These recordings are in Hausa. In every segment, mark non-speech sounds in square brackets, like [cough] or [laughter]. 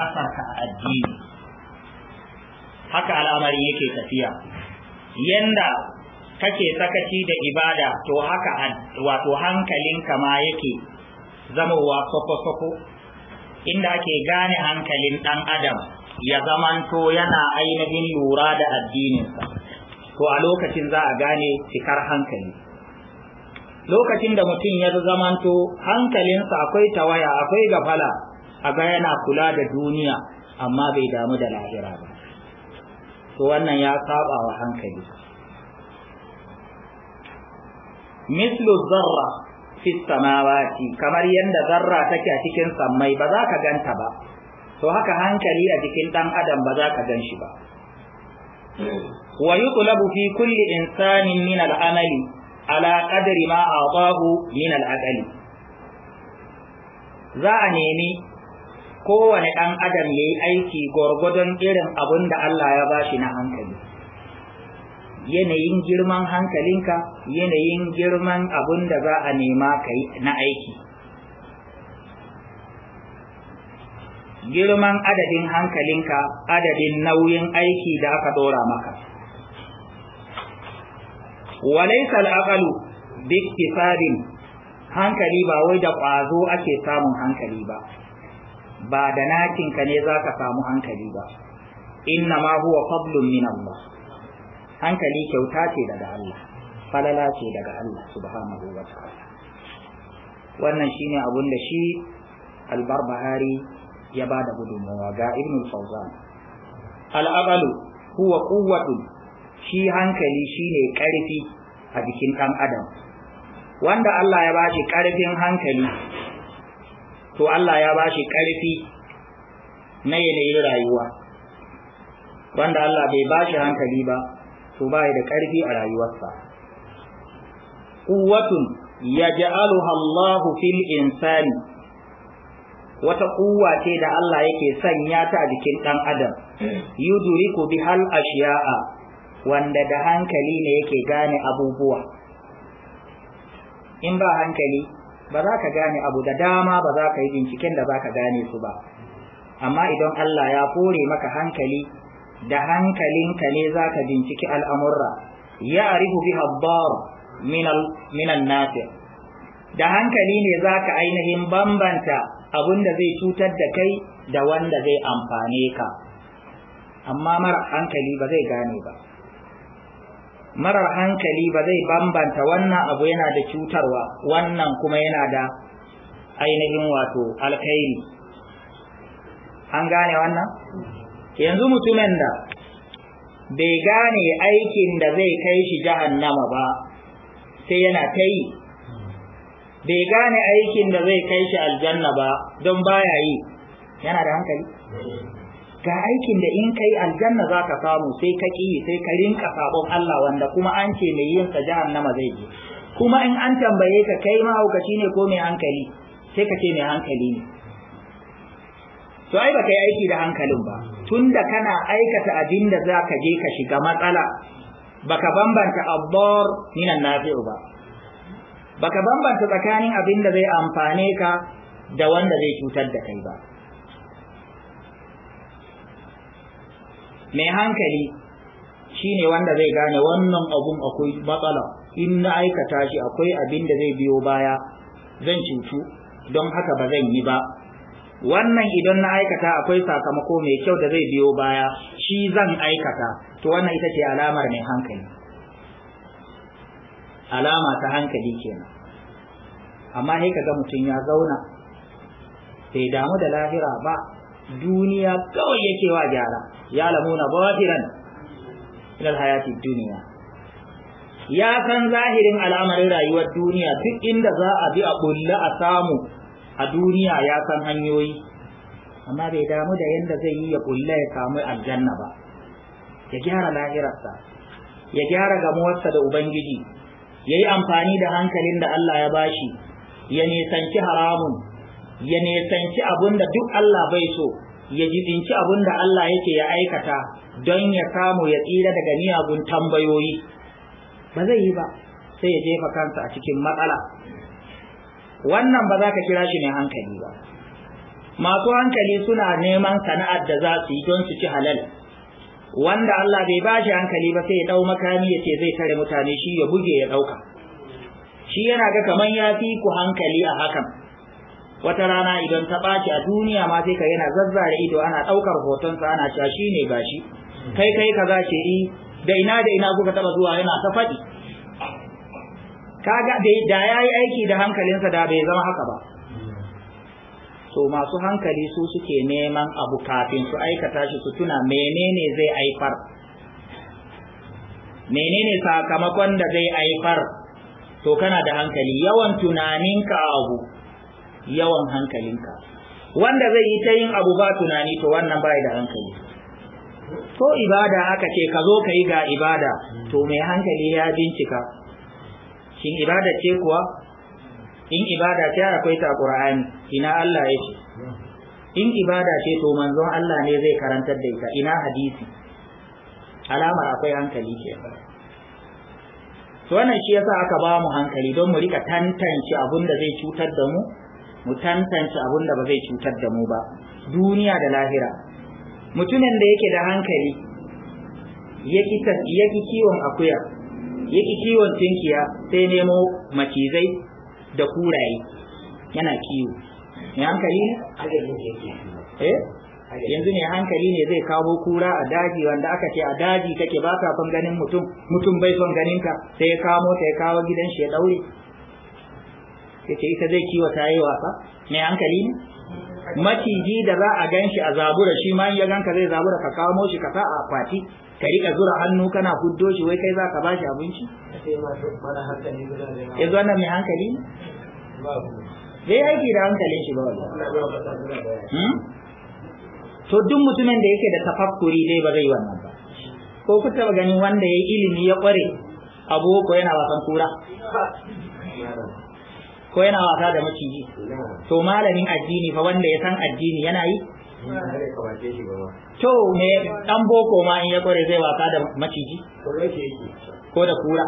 ƙasarka a addini haka al'amari yake tafiya yanda kake sakaci da ibada to haka wato hankalinka ma yake zamowa sako inda ake gane hankalin ɗan adam ya zamanto yana ainihin lura da addininsa to a lokacin za a gane cikar hankali lokacin da mutum ya zamanto hankalinsa akwai tawaya akwai gafala aga yana kula da duniya amma bai damu da lahira ba to wannan ya saba wa hankali mislu zarra fi samawati kamar yadda zarra take a cikin sammai ba za ka ganta ba to haka hankali a jikin dan adam ba za ka gan shi ba wa yutlabu fi kulli insanin min al-amali ala qadri ma a'tahu min al-aqli za a nemi kowane ɗan adam ya yi aiki gwargwadon irin abin da Allah ya ba shi na hankali yanayin girman hankalinka yanayin girman abin da za a nema ka na aiki girman adadin hankalinka adadin nauyin aiki da aka ɗora maka walaisa al'aƙalu biktifadin hankali ba wai da ƙwazo ake samun hankali ba ba da nakinka ne za ka samu hankali ba inna ma huwa fadlun min Allah hankali kyauta ce daga Allah falala ce daga Allah subhanahu wa ta'ala wannan shine abun da shi al-barbahari ya bada gudunmawa ga ibn al-fawzan al huwa quwwatun shi hankali shine karfi a jikin dan adam wanda Allah ya bashi karfin hankali to Allah ya bashi ƙarfi na yanayin rayuwa wanda Allah bai bashi hankali ba to bai da ƙarfi a rayuwarsa quwwatun yaj'aluha Allahu fil insani wata kuwa ce da Allah yake sanya ta a jikin ɗan adam yuduriku bihal ashiya'a wanda da hankali ne yake gane abubuwa in ba hankali ba za ka gane abu da dama ba za ka yi binciken da za ka gane su ba amma idan Allah ya kore maka hankali da hankalinka ne za ka binciki al'amurra ya arihu bi habbar minan nafi da hankali ne za ka ainihin bambanta abin da zai cutar da kai da wanda zai amfane ka amma mara hankali ba zai gane ba marar hankali ba zai bambanta wannan abu yana da cutarwa wannan kuma yana da ainihin wato alkhairi an gane wannan yanzu mutumin da bai gane aikin da zai kai shi jahannama ba sai yana ta yi bai gane aikin da zai kai shi aljanna ba don baya yi yana da hankali ga aikin da in kai aljanna za ka samu sai ka ƙi sai ka rinka sabon Allah wanda kuma an ce mai yin sa jahannama zai je kuma in an tambaye ka kai mahaukaci ne ko mai hankali sai ka ce mai hankali ne to ai ba kai aiki da hankalin ba tunda kana aikata abin da za ka je ka shiga matsala baka bambanta abbar minan nafi'u ba baka bambanta tsakanin abin da zai amfane ka da wanda zai cutar da kai ba mai hankali shi ne wanda zai gane wannan abun akwai matsala in na aikata shi akwai abin da zai biyo baya zan cutu don haka ba zan yi ba wannan idan na aikata akwai sakamako mai kyau da zai biyo baya shi zan aikata to wannan ita ce alamar mai hankali alama ta hankali kenan amma sai ga mutum ya zauna bai damu da lahira ba duniya kawai yake wa gyara ya lamuna zahiran ilal hayati duniya ya san zahirin al'amarin rayuwar duniya duk inda za a bi a bulle a samu a duniya ya san hanyoyi amma bai damu da yadda zai yi ya bulla ya samu aljanna ba ya gyara lahirarsa ya gyara gamuwarsa da ubangiji ya yi amfani da hankalin da Allah ya bashi ya nisanci haramun ya nesanci abun da duk Allah bai so ya jiɗinci abun da Allah yake ya aikata don ya samu ya tsira daga miyagun tambayoyi ba zai yi ba sai ya jefa kansa a cikin matsala wannan ba za ka kira shi ne hankali ba masu hankali suna neman sana'ar da za su yi don su ci halal wanda Allah bai ba shi hankali ba sai ya dau makami ya ce zai tare mutane shi ya buge ya ɗauka. shi yana ga kamar ya fi ku hankali a hakan wata rana idan ta ɓaci a duniya ma sai ka yana zazzare ido ana ɗaukar hotonsa ana cewa shi ne gashi kai kai ka za yi. Eh, da ina da ina kuka taɓa zuwa yana ta faɗi kaga da ya yi aiki da hankalinsa da bai zama haka ba to masu hankali su suke neman abu kafin su aikata shi su tuna menene zai aifar menene sakamakon da zai aifar to kana da hankali yawan tunaninka abu yawan hankalinka wanda zai yi ta yin abu ba tunani to wannan bai da hankali ko ibada aka ce ka zo ka yi ga ibada to mai hankali ya bincika shin ibada ce kuwa in ibada ce akwai ta qur'ani ina Allah ya ce in ibada ce to manzon Allah ne zai karantar da ita ina hadisi alamar akwai hankali ke to wannan shi yasa aka ba mu hankali don mu rika tantance abin da zai cutar da mu mu tantance abin da ba zai cutar da mu ba duniya da lahira mutumin da yake da hankali yaki kiwon akuya yaki kiwon tinkiya sai nemo macizai da kuraye yana kiwo mai hankali ne? eh yanzu ne hankali ne zai kawo kura a daji wanda aka ce a daji take ba ka son ganin mutum mutum bai son ganinka sai ya kamo ta ya kawo gidan shi ya daure yace ita zai ta yi wasa mai hankali ne maciji da za a ganshi a zabura shi ma ya ganka zai zabura ka kawo shi ka sa a kwati ka riƙa zura hannu kana huddo shi wai kai za ka bashi abinci ya zo mai hankali ne zai aiki da hankalin shi ba wani hmm? to duk mutumin da yake da tafakkuri dai ba zai wannan ba ko ku taba ganin wanda ya yi ilimi ya ƙware, abu ko yana wasan kura ko yana wasa da maciji to malamin addini fa wanda ya san addini yana yi to me dan boko ma in ya kware zai wasa da maciji ko da kura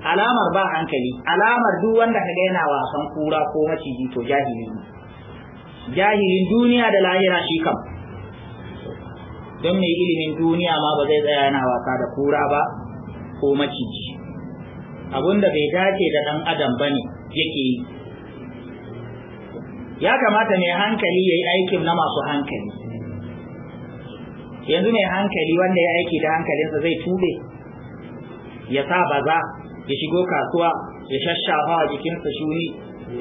alamar ba hankali alamar duk wanda kaga yana wasan kura ko maciji to jahili ne jahilin duniya da lahira shi kam don mai ilimin duniya ma ba zai tsaya yana wasa da kura ba ko maciji Abun da bai dace da dan adam ba ne. yake yi ya kamata mai hankali ya yi aikin na masu hankali yanzu mai hankali wanda ya aiki da hankalinsa zai tube ya sa baza ya shigo kasuwa ya shashafa a jikinsa shuni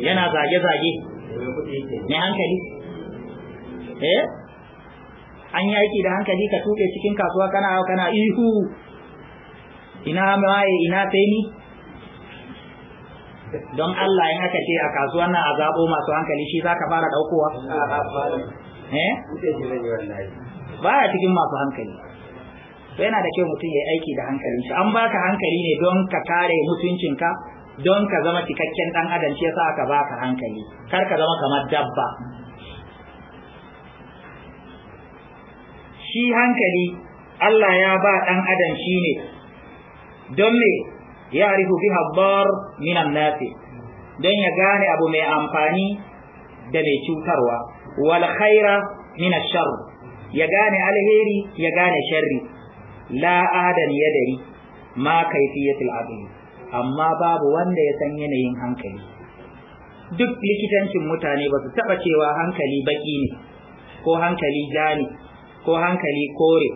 yana zage-zage mai hankali eh an yi aiki da hankali ka tube cikin kasuwa kana kana ihu ina maye ina sai ni don Allah in aka ce a kasuwan nan a zaɓo masu hankali shi za ka fara ɗaukowa eh? ba ya cikin masu hankali yana da kyau mutum ya yi aiki da hankalin shi an baka hankali ne don ka kare mutuncinka don ka zama cikakken ɗan adam shi yasa aka baka hankali kar ka zama kamar dabba shi hankali Allah ya ba ɗan adam shi ne don me ya'rifu fiha dar minan nasi don ya gane abu mai amfani da mai cutarwa wal khaira min ash ya gane alheri ya gane sharri la adan yadari ma kayfiyatul aqli amma babu wanda ya san yanayin hankali duk likitancin mutane ba su taba cewa hankali baki ne ko hankali jani ko hankali kore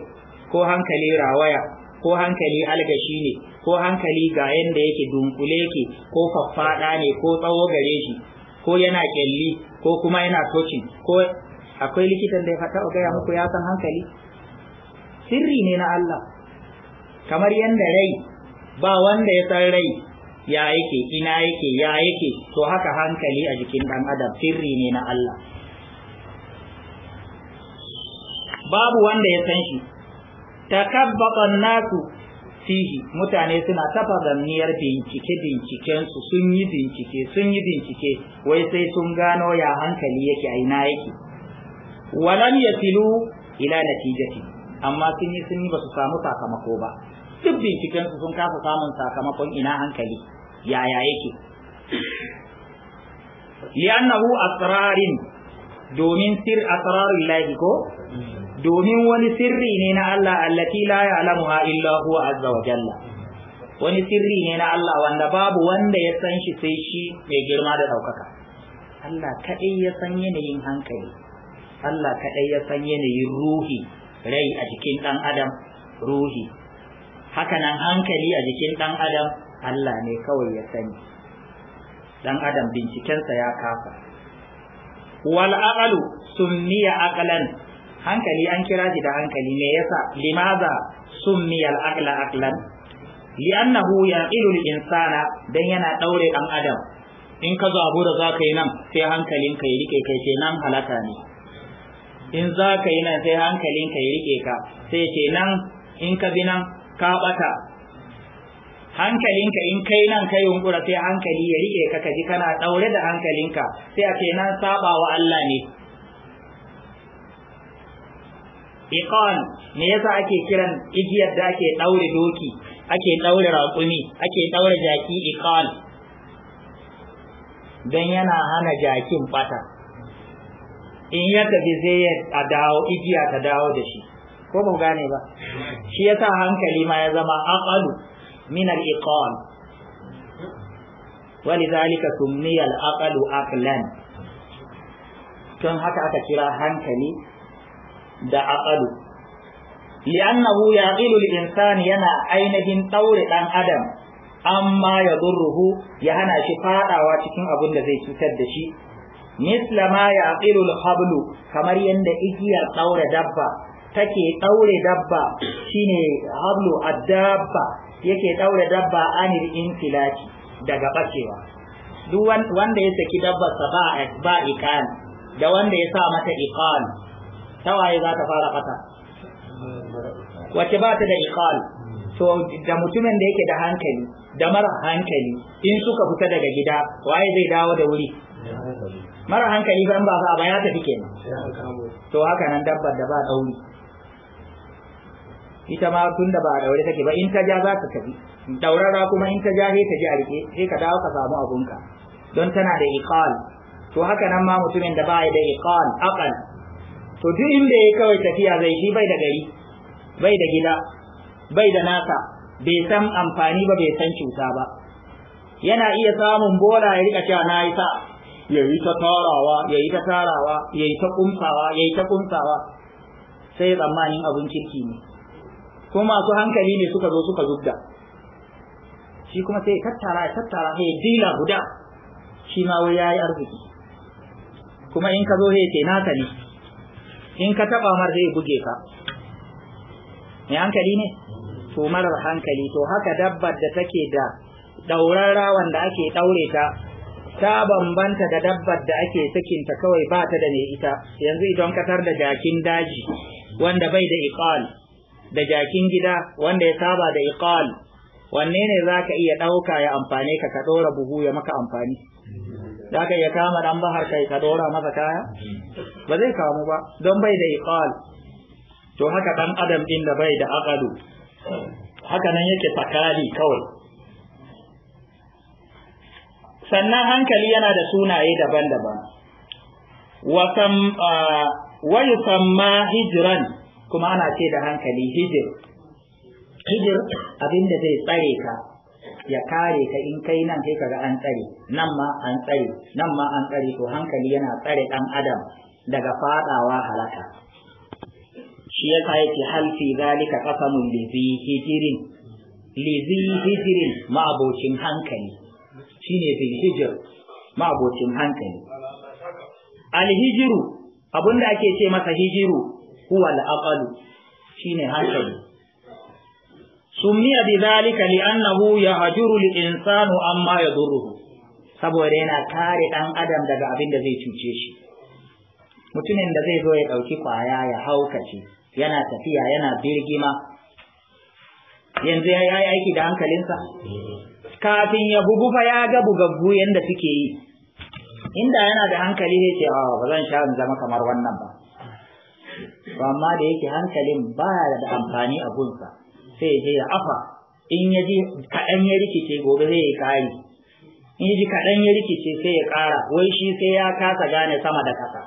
ko hankali rawaya ko hankali algashi ne ko hankali ga yanda yake dunkule ke, ko faffaɗa ne ko tsawo gare shi ko yana kyalli ko kuma yana tocin ko akwai likitan da ya fata gaya muku ya san hankali sirri ne na Allah kamar yanda rai ba wanda ya san rai ya yake ina yake ya yake to haka hankali a jikin dan adam sirri ne na Allah babu wanda ya san shi takabbatan nasu fihi mutane suna tafagamniyar bincike bincikensu sun yi bincike sun yi bincike wai sai sun gano ya hankali yake a ina yake ya yasilu ila natijati amma sun yi sun yi basu samu sakamako ba duk bincikensu sun kafa samun sakamakon ina hankali yaya yake li'annahu asrarin domin sir asrarillahi ko domin wani sirri ne na Allah allati la ya'lamuha illa huwa azza wa jalla wani sirri ne na Allah wanda babu wanda ya san shi sai shi mai girma da daukaka Allah kadai ya san yanayin hankali Allah kadai ya san yanayin ruhi rai a jikin dan adam ruhi hakanan hankali a jikin dan adam Allah ne kawai ya sani dan adam bincikensa ya kafa wal aqalu sunniya aqlan hankali an kira shi da hankali me yasa limaza summiya al-aqla aqlan li'annahu ya'ilu al-insana dan yana daure dan adam in ka zabura za ka yi nan sai hankalin ka ya kai ce nan halaka ne in za ka yi nan sai hankalin ka ya ka sai ce nan in ka bi nan ka bata hankalinka in kai nan ka yunkura sai hankali ya rike ka kaji kana daure da hankalinka sai a ce nan saba wa Allah ne iqan me yasa ake kiran igiyar da ake daure doki ake daure raƙumi ake daure jaki iqan dan yana hana jakin bata in ya tafi zai ya dawo igiya ta dawo da shi ko ba gane ba shi yasa hankali ma ya zama aqalu min al-iqan ولذلك سمي الأقل عقلا don haka aka kira hankali da aqalu li'annahu yaqilu al-insan yana ainihin daure dan adam amma ya durruhu ya hana shi fadawa cikin abin da zai cutar da shi misla ma yaqilu al-hablu kamar yanda igiyar daure dabba take daure dabba shine hablu ad-dabba yake daure dabba anil infilati daga bacewa duk wanda ya saki dabba sa ba ba da wanda ya sa mata iqan tawaye za ta fara fata wace ba ta da iqal to da mutumin da yake da hankali da mara hankali in suka fita daga gida waye zai dawo da wuri mara hankali ban ba ba ya tafi kenan to haka nan dabbar da ba dauri ita ma tun da ba da wuri take ba in ta ja za ta tafi daurara kuma in ta ja sai ta ji a rike sai ka dawo ka samu abunka don tana da iqal to haka nan ma mutumin da ba ya da iqal aqal to duk inda ya kawai tafiya zai shi bai da gari bai da gida bai da nasa bai san amfani ba bai san cuta ba yana iya samun bola ya rika cewa na yi sa ya yi ta tarawa ya yi ta tarawa ya yi ta kumsawa ya yi ta kumsawa sai tsammanin abun kirki ne ko masu hankali ne suka zo suka zubda shi kuma sai tattara tattara sai dila guda shi ma wai yayi arziki kuma in ka zo sai ce naka ne in ka taba mar zai buge ka mai hankali ne to marar hankali to haka dabbar da take da daurarra wanda ake daure ta ta bambanta da dabbar da ake sakinta kawai ba ta da ne ita yanzu idan katar da jakin daji wanda bai da iqal da jakin gida wanda ya saba da iqal wanne ne za ka iya ɗauka ya amfane ka ka ɗora buhu ya maka amfani Da ka iya kama dan bahar kai ka dora masa kaya ba zai kamu ba don bai da iqal to haka dan adam din da bai da aqalu haka nan yake takali kawai sannan hankali yana da sunaye daban-daban wa yusamma hijran kuma ana ce da hankali hijir hijir abinda zai tsare ka ya kare ka in kai nan sai kaga an tsare nan ma an tsare nan ma an tsare to hankali yana tsare dan adam daga fadawa halaka shi yasa yake hal fi zalika qasamun li zi hijrin li zi hijrin ma'abocin hankali shine zi hijr ma'abocin hankali al hijru abunda ake ce masa hijiru huwa al aqalu shine hankali سمي بذلك لأنه يهجر Insanu, amma يضره saboda yana kare dan adam daga abin da zai cuce shi mutumin da zai zo ya dauki kwaya ya haukace yana tafiya yana birgima yanzu ya yi aiki da hankalinsa kafin ya bugu fa ya ga bugaggu yanda suke yi inda yana da hankali zai ce ba zan sha in zama kamar wannan ba amma da yake hankalin ba da amfani a gunsa sai je ya afa in ya ji kaɗan ya rikice gobe zai ya kari in ya ji kaɗan ya rikice sai ya ƙara wai shi sai ya kasa gane sama da ƙasa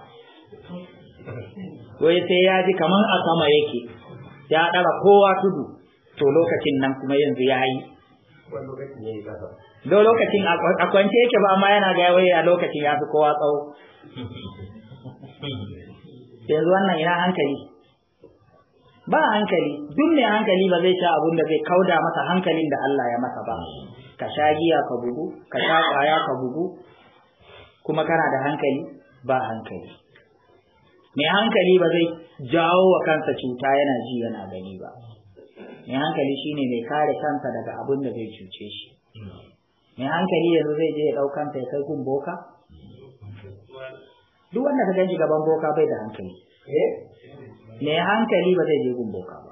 wai sai ya ji kaman a sama yake ya ɗara kowa tudu to lokacin nan kuma yanzu ya yi do lokacin a kwance yake ba amma yana ga wai a lokacin ya fi kowa tsawo yanzu wannan ina hankali ba hankali duk mai hankali ba zai sha abun da zai kauda masa hankalin da Allah ya masa ba ka sha giya ka bugu ka sha kwaya ka bugu kuma kana da hankali ba hankali mai hankali ba zai jawo wa kansa cuta yana ji yana gani ba mai hankali shine mai kare kansa daga abun da zai cuce shi mai hankali yanzu zai je ya dau kansa ya kai gun boka duk wanda ka ganshi gaban boka bai da hankali eh? mai hankali ba zai je gun boka ba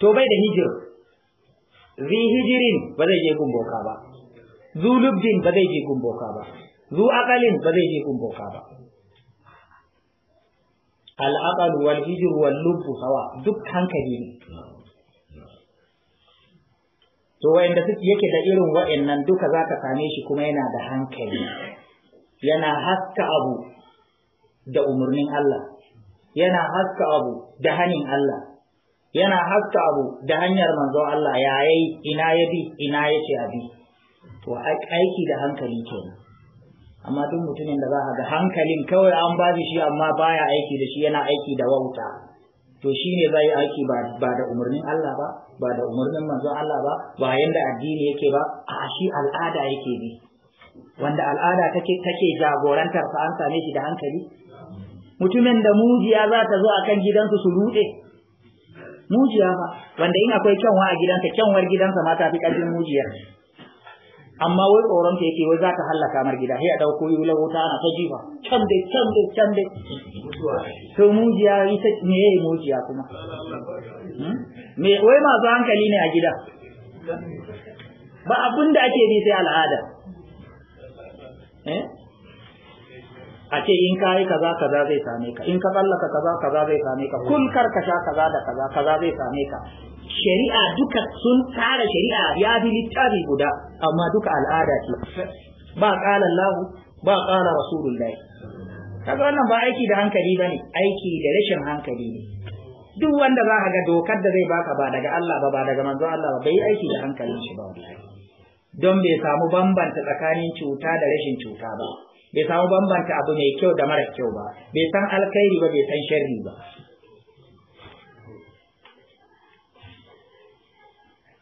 to bai da hijir zi hijirin ba zai je gun boka ba zu lubdin ba zai je gun boka ba zu akalin ba zai je gun boka ba al'aqal wal hijr wal lubb hawa duk hankali ne to wanda suke yake da irin wa'annan duka zaka same shi kuma yana da hankali yana haska abu da umarnin Allah yana haska abu da hanin Allah yana haska abu da hanyar manzo Allah ya yi ina ya bi ina ya ce abi to aiki da hankali kenan amma duk mutumin da za a ga hankalin kawai an ba shi amma baya aiki da shi yana aiki da wauta to shine zai yi aiki ba da umarnin Allah ba ba da umarnin manzo Allah ba ba yanda addini yake ba a shi al'ada yake bi wanda al'ada take take jagorantar sa an same shi da hankali mutumin da mujiya za ta zo a kan gidansu su rude mujiya fa wanda in akwai kyanwa a gidansa kyanwar gidansa ma ta fi ƙarfin mujiya amma wai tsoron ta yake wai za ta hallaka mar gida sai a ɗauko wula wuta ana ta jifa can dai can dai can dai to mujiya ita me yayi mujiya kuma hmm? me wai masu hankali ne a gida ba abin da ake bi sai al'ada eh a ce in ka yi kaza kaza zai same ka in ka tsallaka kaza kaza zai same ka kun karkasha kaza da kaza kaza zai same ka shari'a duka sun tara shari'a ya bi littafi guda amma duka al'ada ce ba kala Allah ba kala Rasulullahi kaga wannan ba aiki da hankali bane aiki da rashin hankali ne duk wanda za ka ga dokar da zai baka ba daga Allah ba ba daga manzon Allah ba bai aiki da hankalin shi ba wallahi don bai samu bambanta tsakanin cuta da rashin cuta ba bai samu bambanta abu mai kyau da mara kyau ba bai san alkhairi ba bai san sharri ba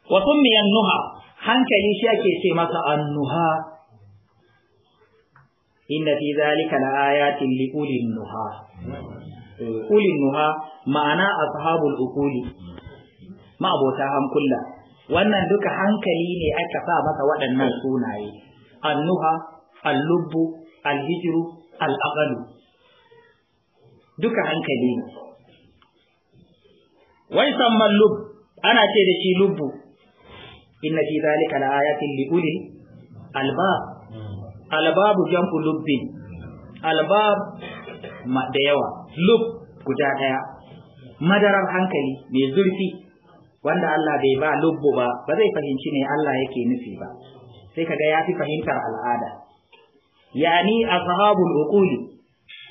wa summiyan hankali shi ake ce masa annuha inna fi zalika la ayatin li ulil nuha ulil nuha ma'ana ashabul uquli ma abota hankula wannan duka hankali ne aka sa masa waɗannan sunaye annuha allubbu alhijiru al'aqalu duka hankali ne wai samman lub ana ce da shi lubbu inna fi zalika la ayatin li albab albabu jam'u lubbin albab da yawa lub guda daya madarar hankali mai zurfi wanda Allah bai ba lubbu ba ba zai fahimci ne Allah yake nufi ba sai kaga ya fi fahimtar al'ada yani ashabul uquli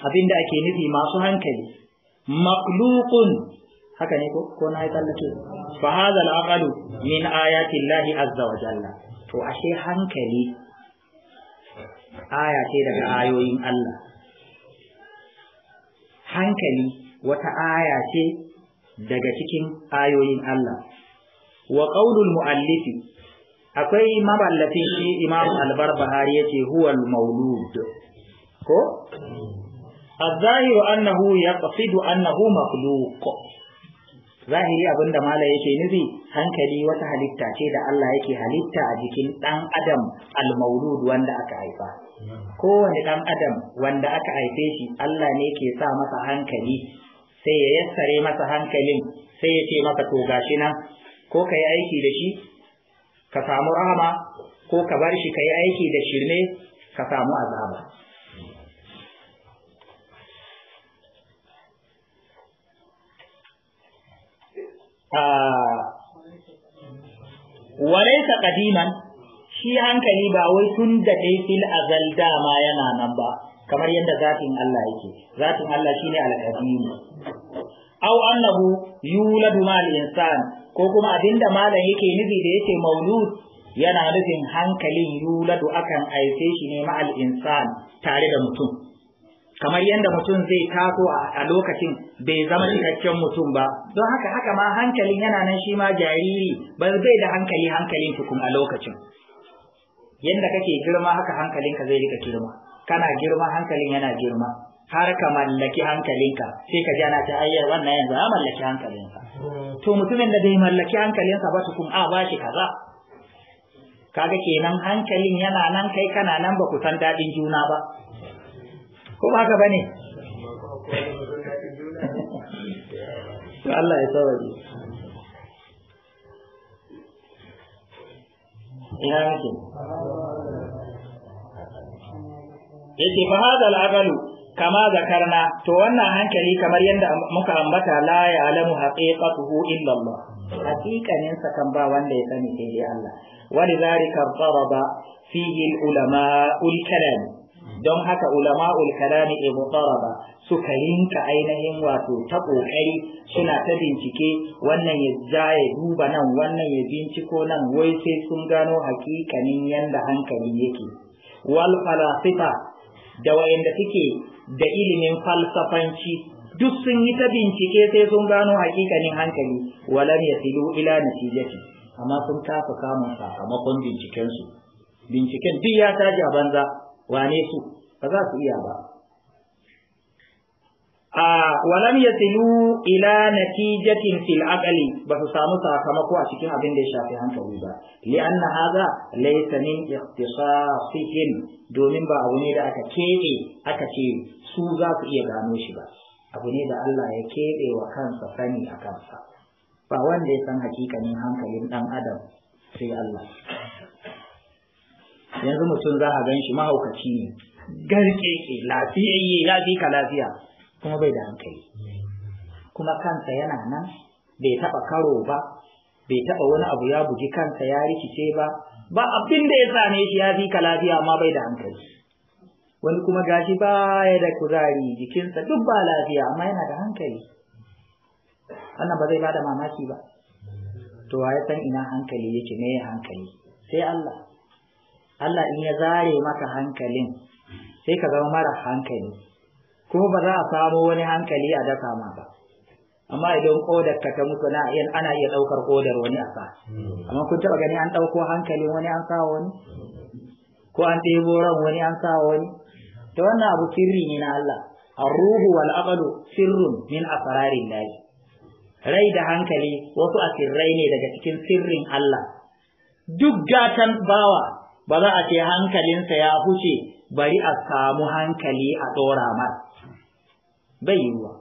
abinda ake nufi masu hankali makhluqun haka ne ko ko na yi tsallake fa hadha al min ayati llahi azza wa jalla to ashe hankali aya ce daga ayoyin Allah hankali wata aya ce daga cikin ayoyin Allah wa qaulul muallifi akwai maballafin shi imam albarbahari ya ce huwal maulud ko annahu ya يقصد annahu مخلوق zahiri abinda Malam mala yake nufi hankali wata halitta ce da Allah yake halitta a jikin ɗan adam almaulud wanda aka haifa kowane ɗan adam wanda aka haife shi Allah ne ke sa masa hankali sai ya yassare masa hankalin sai ya ce masa to gashi nan ko ka yi aiki da shi ka samu rahama ko ka bar shi ka yi aiki da shirme ka samu azaba ka ah, kadiman shi hankali ba wai tun da fil azal dama yana nan ba kamar yadda zafin Allah yake zafin Allah shine al-qadim aw annahu yuladu mal insan ko kuma abinda malam yake nufi da yake maulud yana nufin hankalin yuladu akan aise shi ne ma'al insan tare da mutum kamar yadda mutum zai taso a lokacin bai zama eh. cikakken mutum ba don haka haka ma hankalin yana nan shi ma jariri ba zai da hankali hankalin tukun a lokacin yadda kake girma haka hankalinka zai rika girma kana girma hankalin yana girma har ka mallaki hankalinka sai ka jana ta ayyar wannan yanzu ya mallaki hankalinsa to mutumin da bai mallaki hankalinsa ba tukun a ba shi kaza kaga kenan hankalin yana nan kai kana nan ba ku san daɗin juna ba ko ba ka bane ne? [laughs] Allah ya saurare ina yake yake fa kama zakarna to wannan hankali kamar yadda muka ambata la ya alamu haqiqatuhu illa Allah haqiqanin sa kan ba wanda ya sani sai dai Allah wani zalika daraba fihi ulama ul don haka ulama ul kalam ibtaraba suka yinka ainihin wato ta kokari suna ta bincike wannan ya ja ya duba nan wannan ya binciko nan wai sai sun gano haƙiƙanin yanda hankali yake wal falasifa da wayanda suke da ilimin falsafanci duk sun yi ta bincike sai sun gano hakikanin hankali ya yasilu ila natijati amma sun kafa kamun sakamakon bincikensu binciken duk ya taji a banza wane su ba za su iya ba walam yasilu ila natijatin fil aqli ba su samu sakamako a cikin abin da ya shafi hankali ba li anna hadha laysa min ikhtisasihim domin ba abu ne da aka keɓe aka ce su za su iya gano shi ba abu ne da Allah ya keɓe wa kansa sani a kansa ba wanda ya san hakikanin hankalin dan adam sai Allah yanzu mutum za a gan shi mahaukaci ne Garkeke lafiyayye lafi ka lafiya kuma bai da hankali kuma kansa yana nan bai taba karo ba bai taba wani abu ya bugi kansa ya rikice ba ba abin da ya same shi ya fi ka lafiya amma bai da hankali wani kuma gashi ba ya da kuzari jikinsa duk ba lafiya amma yana da hankali wannan ba zai bada mamaki ba to wa ya san ina hankali yake me hankali sai Allah Allah in ya zare maka hankalin sai ka zama mara hankali kuma ba za a samo wani hankali a dasa ma ba amma idan kodar ka ta mutu na ana iya daukar kodar wani a hmm. amma kun taba gani an dauko hankalin wani an sa wani ko an ɗebo ran wani an sa wani to wannan abu sirri ne na Allah ar-ruhu wal aqlu sirrun min asrarin lahi rai da hankali wasu asirrai ne daga cikin sirrin Allah duk gatan bawa ba za a ce hankalinsa ya huce bari a samu hankali a dora masa bai ruwa.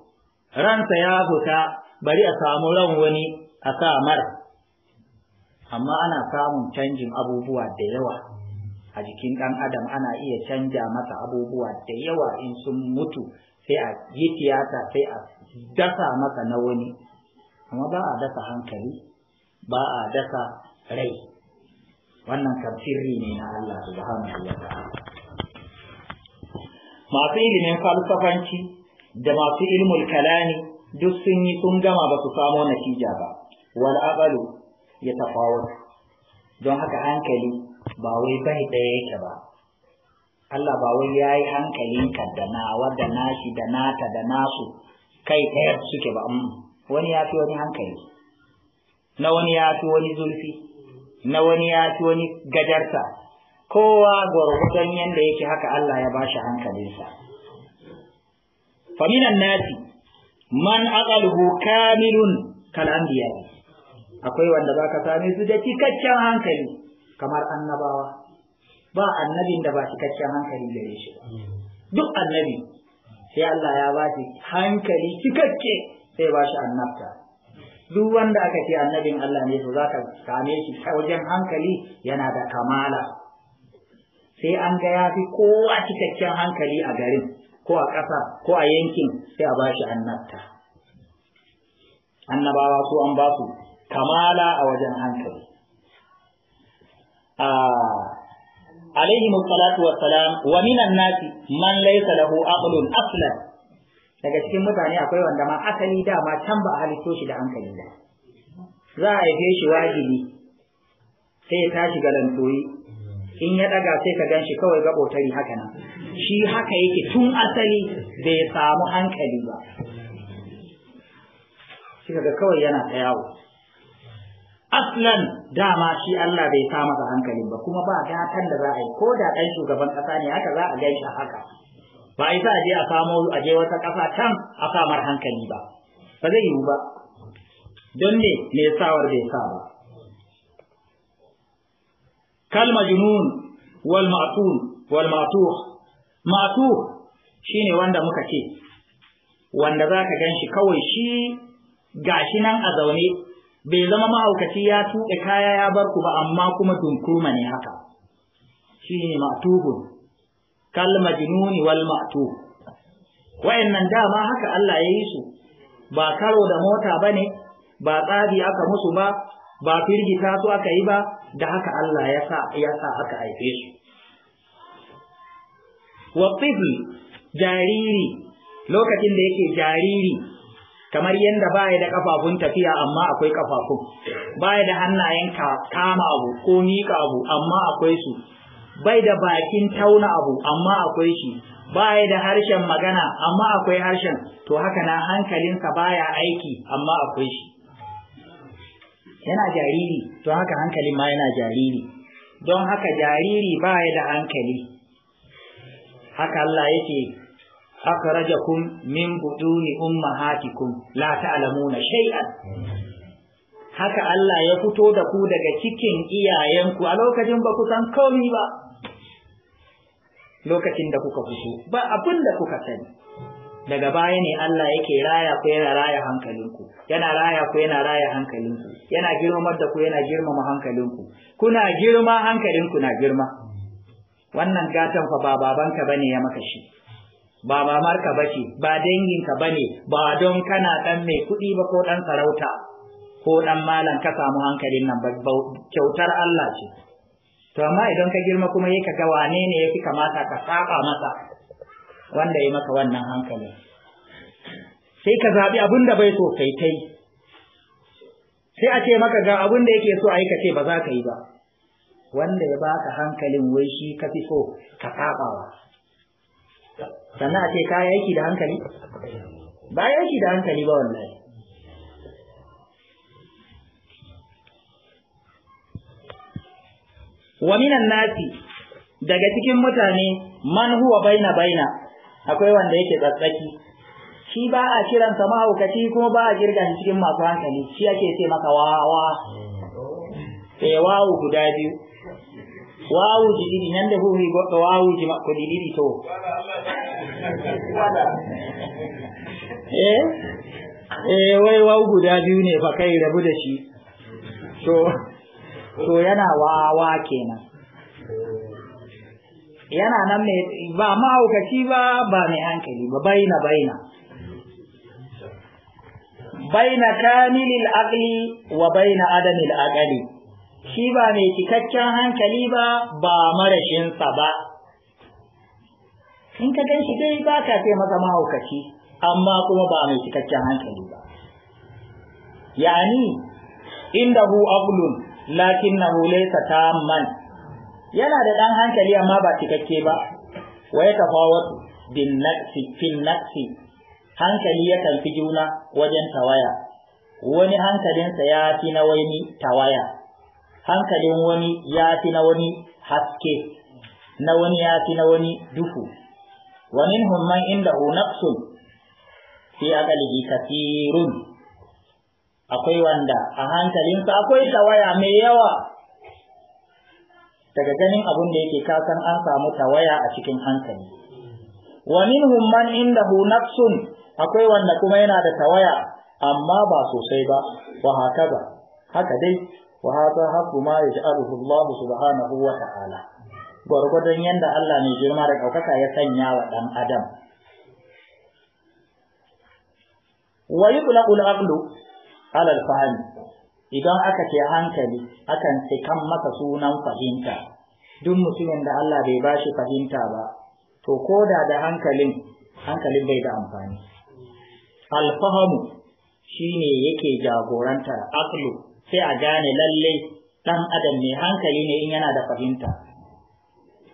ransa ya fita bari a samu ran wani a sa mara amma ana samun canjin abubuwa da yawa a jikin ɗan adam ana iya canja masa abubuwa da yawa in sun mutu sai a yi tiyata sai a dasa masa na wani amma ba a dasa hankali ba a dasa rai wannan kamfiri ne na Allah subhanahu wa yadda. masu ilimin falsafanci da masu ilmul kalani duk sun yi sun gama ba su samo natija ba wal aqalu ya tafawut don haka hankali ba wai bai daya yake ba Allah ba wai yayi ka da nawa da nashi da nata da nasu kai ɗaya suke ba mm. wani ya fi wani hankali na wani ya fi wani zulfi na wani ya fi wani gajarta kowa gwargwadon yadda yake haka Allah ya bashi hankalinsa faminan nasi man aqaluhu kamilun kal anbiya akwai wanda zaka same su da cikakken hankali kamar annabawa ba annabin da ba cikakken hankali gare shi duk annabi sai Allah ya ba hankali cikakke sai ba shi duk wanda aka ce annabin Allah ne to zaka same shi ta wajen hankali yana da kamala sai an ga ya fi kowa cikakken hankali a garin ko a ƙasa ko a yankin sai a ba shi annabta annabawa su an ba su kamala a wajen hankali alaihi salatu wassalam wa minan nasi man laysa lahu aqlun aslan daga cikin mutane akwai wanda ma asali dama can ba a halitto shi da hankali ba za a haife shi wajibi sai ya tashi galantoyi in ya daga sai ka gan shi kawai botari haka nan shi haka yake tun asali bai samu hankali ba shi ga kawai yana ta yawo aslan dama shi Allah bai sa masa hankali ba kuma ba gatan da za a yi ko da ɗan shugaban kasa ne haka za a gan shi haka ba a a je a samo a je wata kasa can a samar hankali ba ba zai yiwu ba don ne me sawar bai sa ba kalmajunun wal ma'tun ma'tuh shine wanda muka ce wanda za ka ganshi kawai shi gashi nan a zaune bai zama mahaukaci ya tuɗe kaya ya bar ku ba amma kuma dunkurma ne haka ne ma'tuhun kalmajununi wal ma'tuh wayannan dama haka Allah ya yi su ba karo da mota bane ba tsari aka musu ba ba firgita su aka yi ba da haka Allah ya sa ya sa aka haife su wa jariri lokacin da yake jariri kamar yadda baya da kafafun tafiya amma akwai kafafun baya da hannayen kama abu ko miƙa abu amma akwai su bai da bakin tauna abu amma akwai shi baya da harshen magana amma akwai harshen to haka na hankalinsa baya aiki amma akwai shi yana jariri to haka hankalin ma yana jariri don haka jariri ba ya da hankali haka Allah yake akhrajakum min buduni ummahatikum la ta'lamuna shay'an haka Allah ya fito da ku daga cikin iyayenku a lokacin ba ku san komai ba lokacin da kuka fito ba abinda kuka sani daga baya ne Allah yake raya ku yana raya hankalinku yana raya ku yana raya hankalinku yana girmamar da ku yana girmama hankalinku kuna girma hankalinku na girma wannan gatan fa ba babanka bane ya maka shi ba mamarka bace ba danginka bane ba don kana dan mai kuɗi ba ko dan sarauta ko dan malam ka samu hankalin nan ba kyautar Allah ce to amma idan ka girma kuma yake ga wane ne yake kamata ka saba masa wanda ya maka wannan hankalin sai ka zaɓi abin da bai so kai kai sai a ce maka ga abin da yake so a yi ka ce ba za ka yi ba wanda ya baka hankalin wai shi ka fi so ka saɓawa sannan a ce ka yi aiki da hankali ba yi aiki da hankali ba wallahi wa minan nasi daga cikin mutane man huwa baina baina akwai wanda yake tsatsaki shi ba a kiransa mahaukaci kuma ba a girga shi cikin masu hankali shi ake ce maka wawa sai eh, wawu guda biyu wawu jididi nan da huri goɗɗo wawu ji ko dididi to eh eh wai wawu guda biyu ne fa kai rabu da shi to to yana wawa kenan yana nan mai ba mahaukaci ba ba mai hankali ba baina baina baina kamilil aqli wa baina adamil aqli shi ba mai cikakken hankali ba ba marashinsa ba in ka gan shi dai ba ka ce masa mahaukaci amma kuma ba mai cikakken hankali ba yani indahu aqlun lakinnahu laysa tamman yana da ɗan hankali amma ba cikakke ba wa ya tafawatu bin nafsi hankali ya fi juna wajen tawaya wani hankalinsa ya fi na wani tawaya hankalin wani ya fi na wani haske na wani ya fi na wani duhu wa minhum inda indahu naqsun fi aqalihi kathirun akwai wanda a hankalinsa akwai tawaya mai yawa daga ganin abun da yake kasan an samu tawaya a cikin hankali wa minhum man indahu nafsun akwai wanda kuma yana da tawaya amma ba sosai ba wa ba, haka dai wa haka haku ma yaj'aluhu Allah subhanahu wa ta'ala gwargwadon yanda Allah ne girma da ɗaukaka ya sanya wa ɗan adam wa yuqlaqu al-aqlu ala al-fahmi idan aka ce hankali akan ce kan masa sunan fahimta duk mutumin da Allah bai bashi fahimta ba to koda da hankalin hankalin bai da amfani alfahamu shine yake jagorantar aklu sai a gane lalle dan adam ne hankali ne in yana da fahimta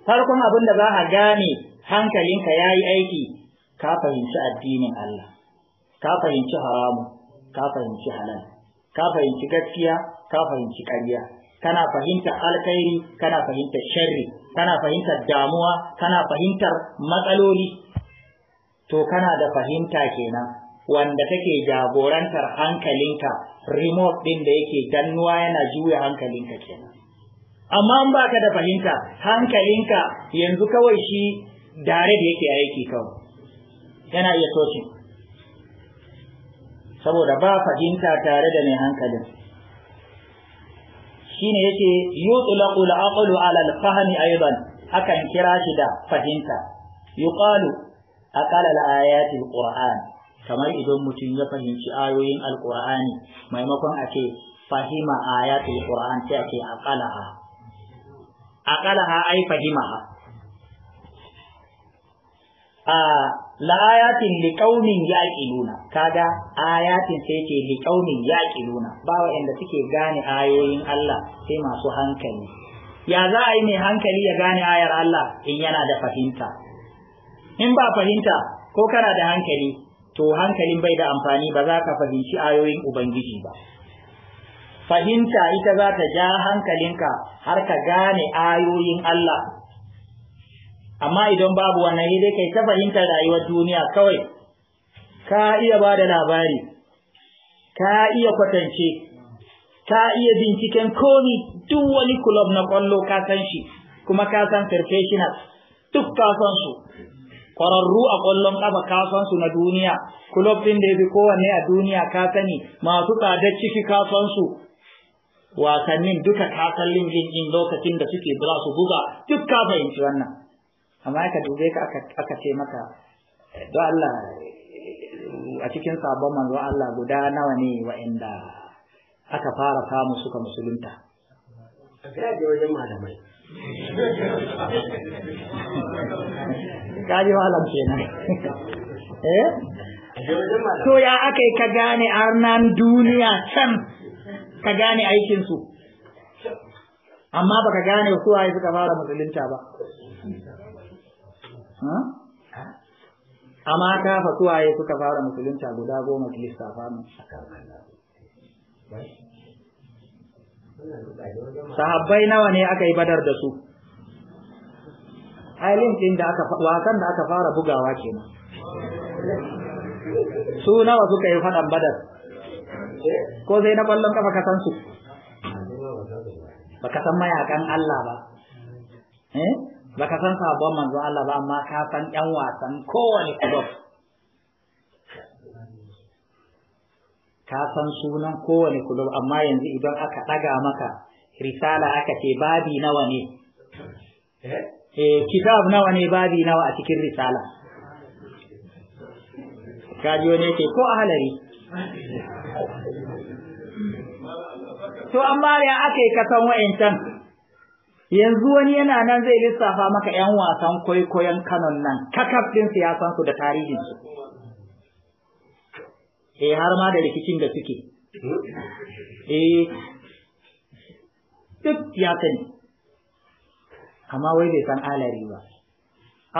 farkon abin da za a gane hankalinka yayi aiki ka fahimci addinin Allah ka fahimci haramu ka fahimci halal ka fahimci gaskiya ka fahimci ƙarya kana fahimtar alkhairi kana fahimtar sharri kana fahimtar damuwa kana fahimtar matsaloli to kana da fahimta kenan wanda take jagorantar hankalinka remote din da yake dannuwa yana juya hankalinka kenan amma in baka da fahimta hankalinka yanzu kawai shi dare da yake aiki kawai yana iya toshin saboda ba fahimta tare da mai hankalin ne yake yutlaqu al-aqlu ala al aidan akan kira shi da fahimta yuqalu aqala al-ayati al-qur'an kamar idan mutum ya fahimci ayoyin al maimakon a fahima ayatul qur'an sai a ce aqalaha ai fahimaha a la'ayatin liƙaunin yaƙiluna kaga ayatin sai ce liƙaunin nuna. ba wanda suke gane ayoyin Allah sai masu hankali ya za a yi mai hankali ya gane ayar Allah in yana da fahimta in ba fahimta ko kana da hankali to hankalin bai da amfani ba za ka fahimci ayoyin ubangiji ba fahimta ita za ta ja hankalinka har ka gane ayoyin Allah amma idan babu wannan ne dai kai ta fahimtar rayuwar duniya kawai ka iya ba da labari ka iya kwatance ka iya binciken komi duk wani kulob na kwallo ka san shi kuma ka san professional duk ka san su kwararru a kwallon kafa ka san su na duniya kulob din da yafi kowanne a duniya ka sani masu tsadar ciki ka san su wasannin duka ka san lokacin da suke za su buga duk ka fahimci wannan amma aka dube ka aka ce maka eh, do Allah a cikin sabon manzo Allah guda nawa ne wa'inda aka fara samu suka musulunta [laughs] kaji malam kenan [laughs] eh to ya akai ka gane arnan duniya can ka gane aikinsu amma baka gane su waye suka fara musulunta ba amma ka fa suwaye suka fara musulunta guda goma ki lissafa mu sahabbai nawa ne aka yi badar da su ailin din da aka wasan da aka fara bugawa kenan su nawa suka yi fadan badar ko sai na kwallon kafa ka san su ka san mayakan Allah ba eh ba ka san sabon manzo Allah ba amma ka san ƴan wasan kowane club ka san sunan kowane club amma yanzu idan aka ɗaga maka risala aka ce babi nawa ne eh, eh kitab nawa ne babi nawa a cikin risala kajiyo ne ce ko a halari? to amma ya ake yi kasan can? yanzu wani yana nan zai lissafa maka yan wasan kwaikwayon kanon nan kakaf din siyasan su da tarihin su eh har ma da rikicin da suke eh duk ya sani amma wai bai san alari ba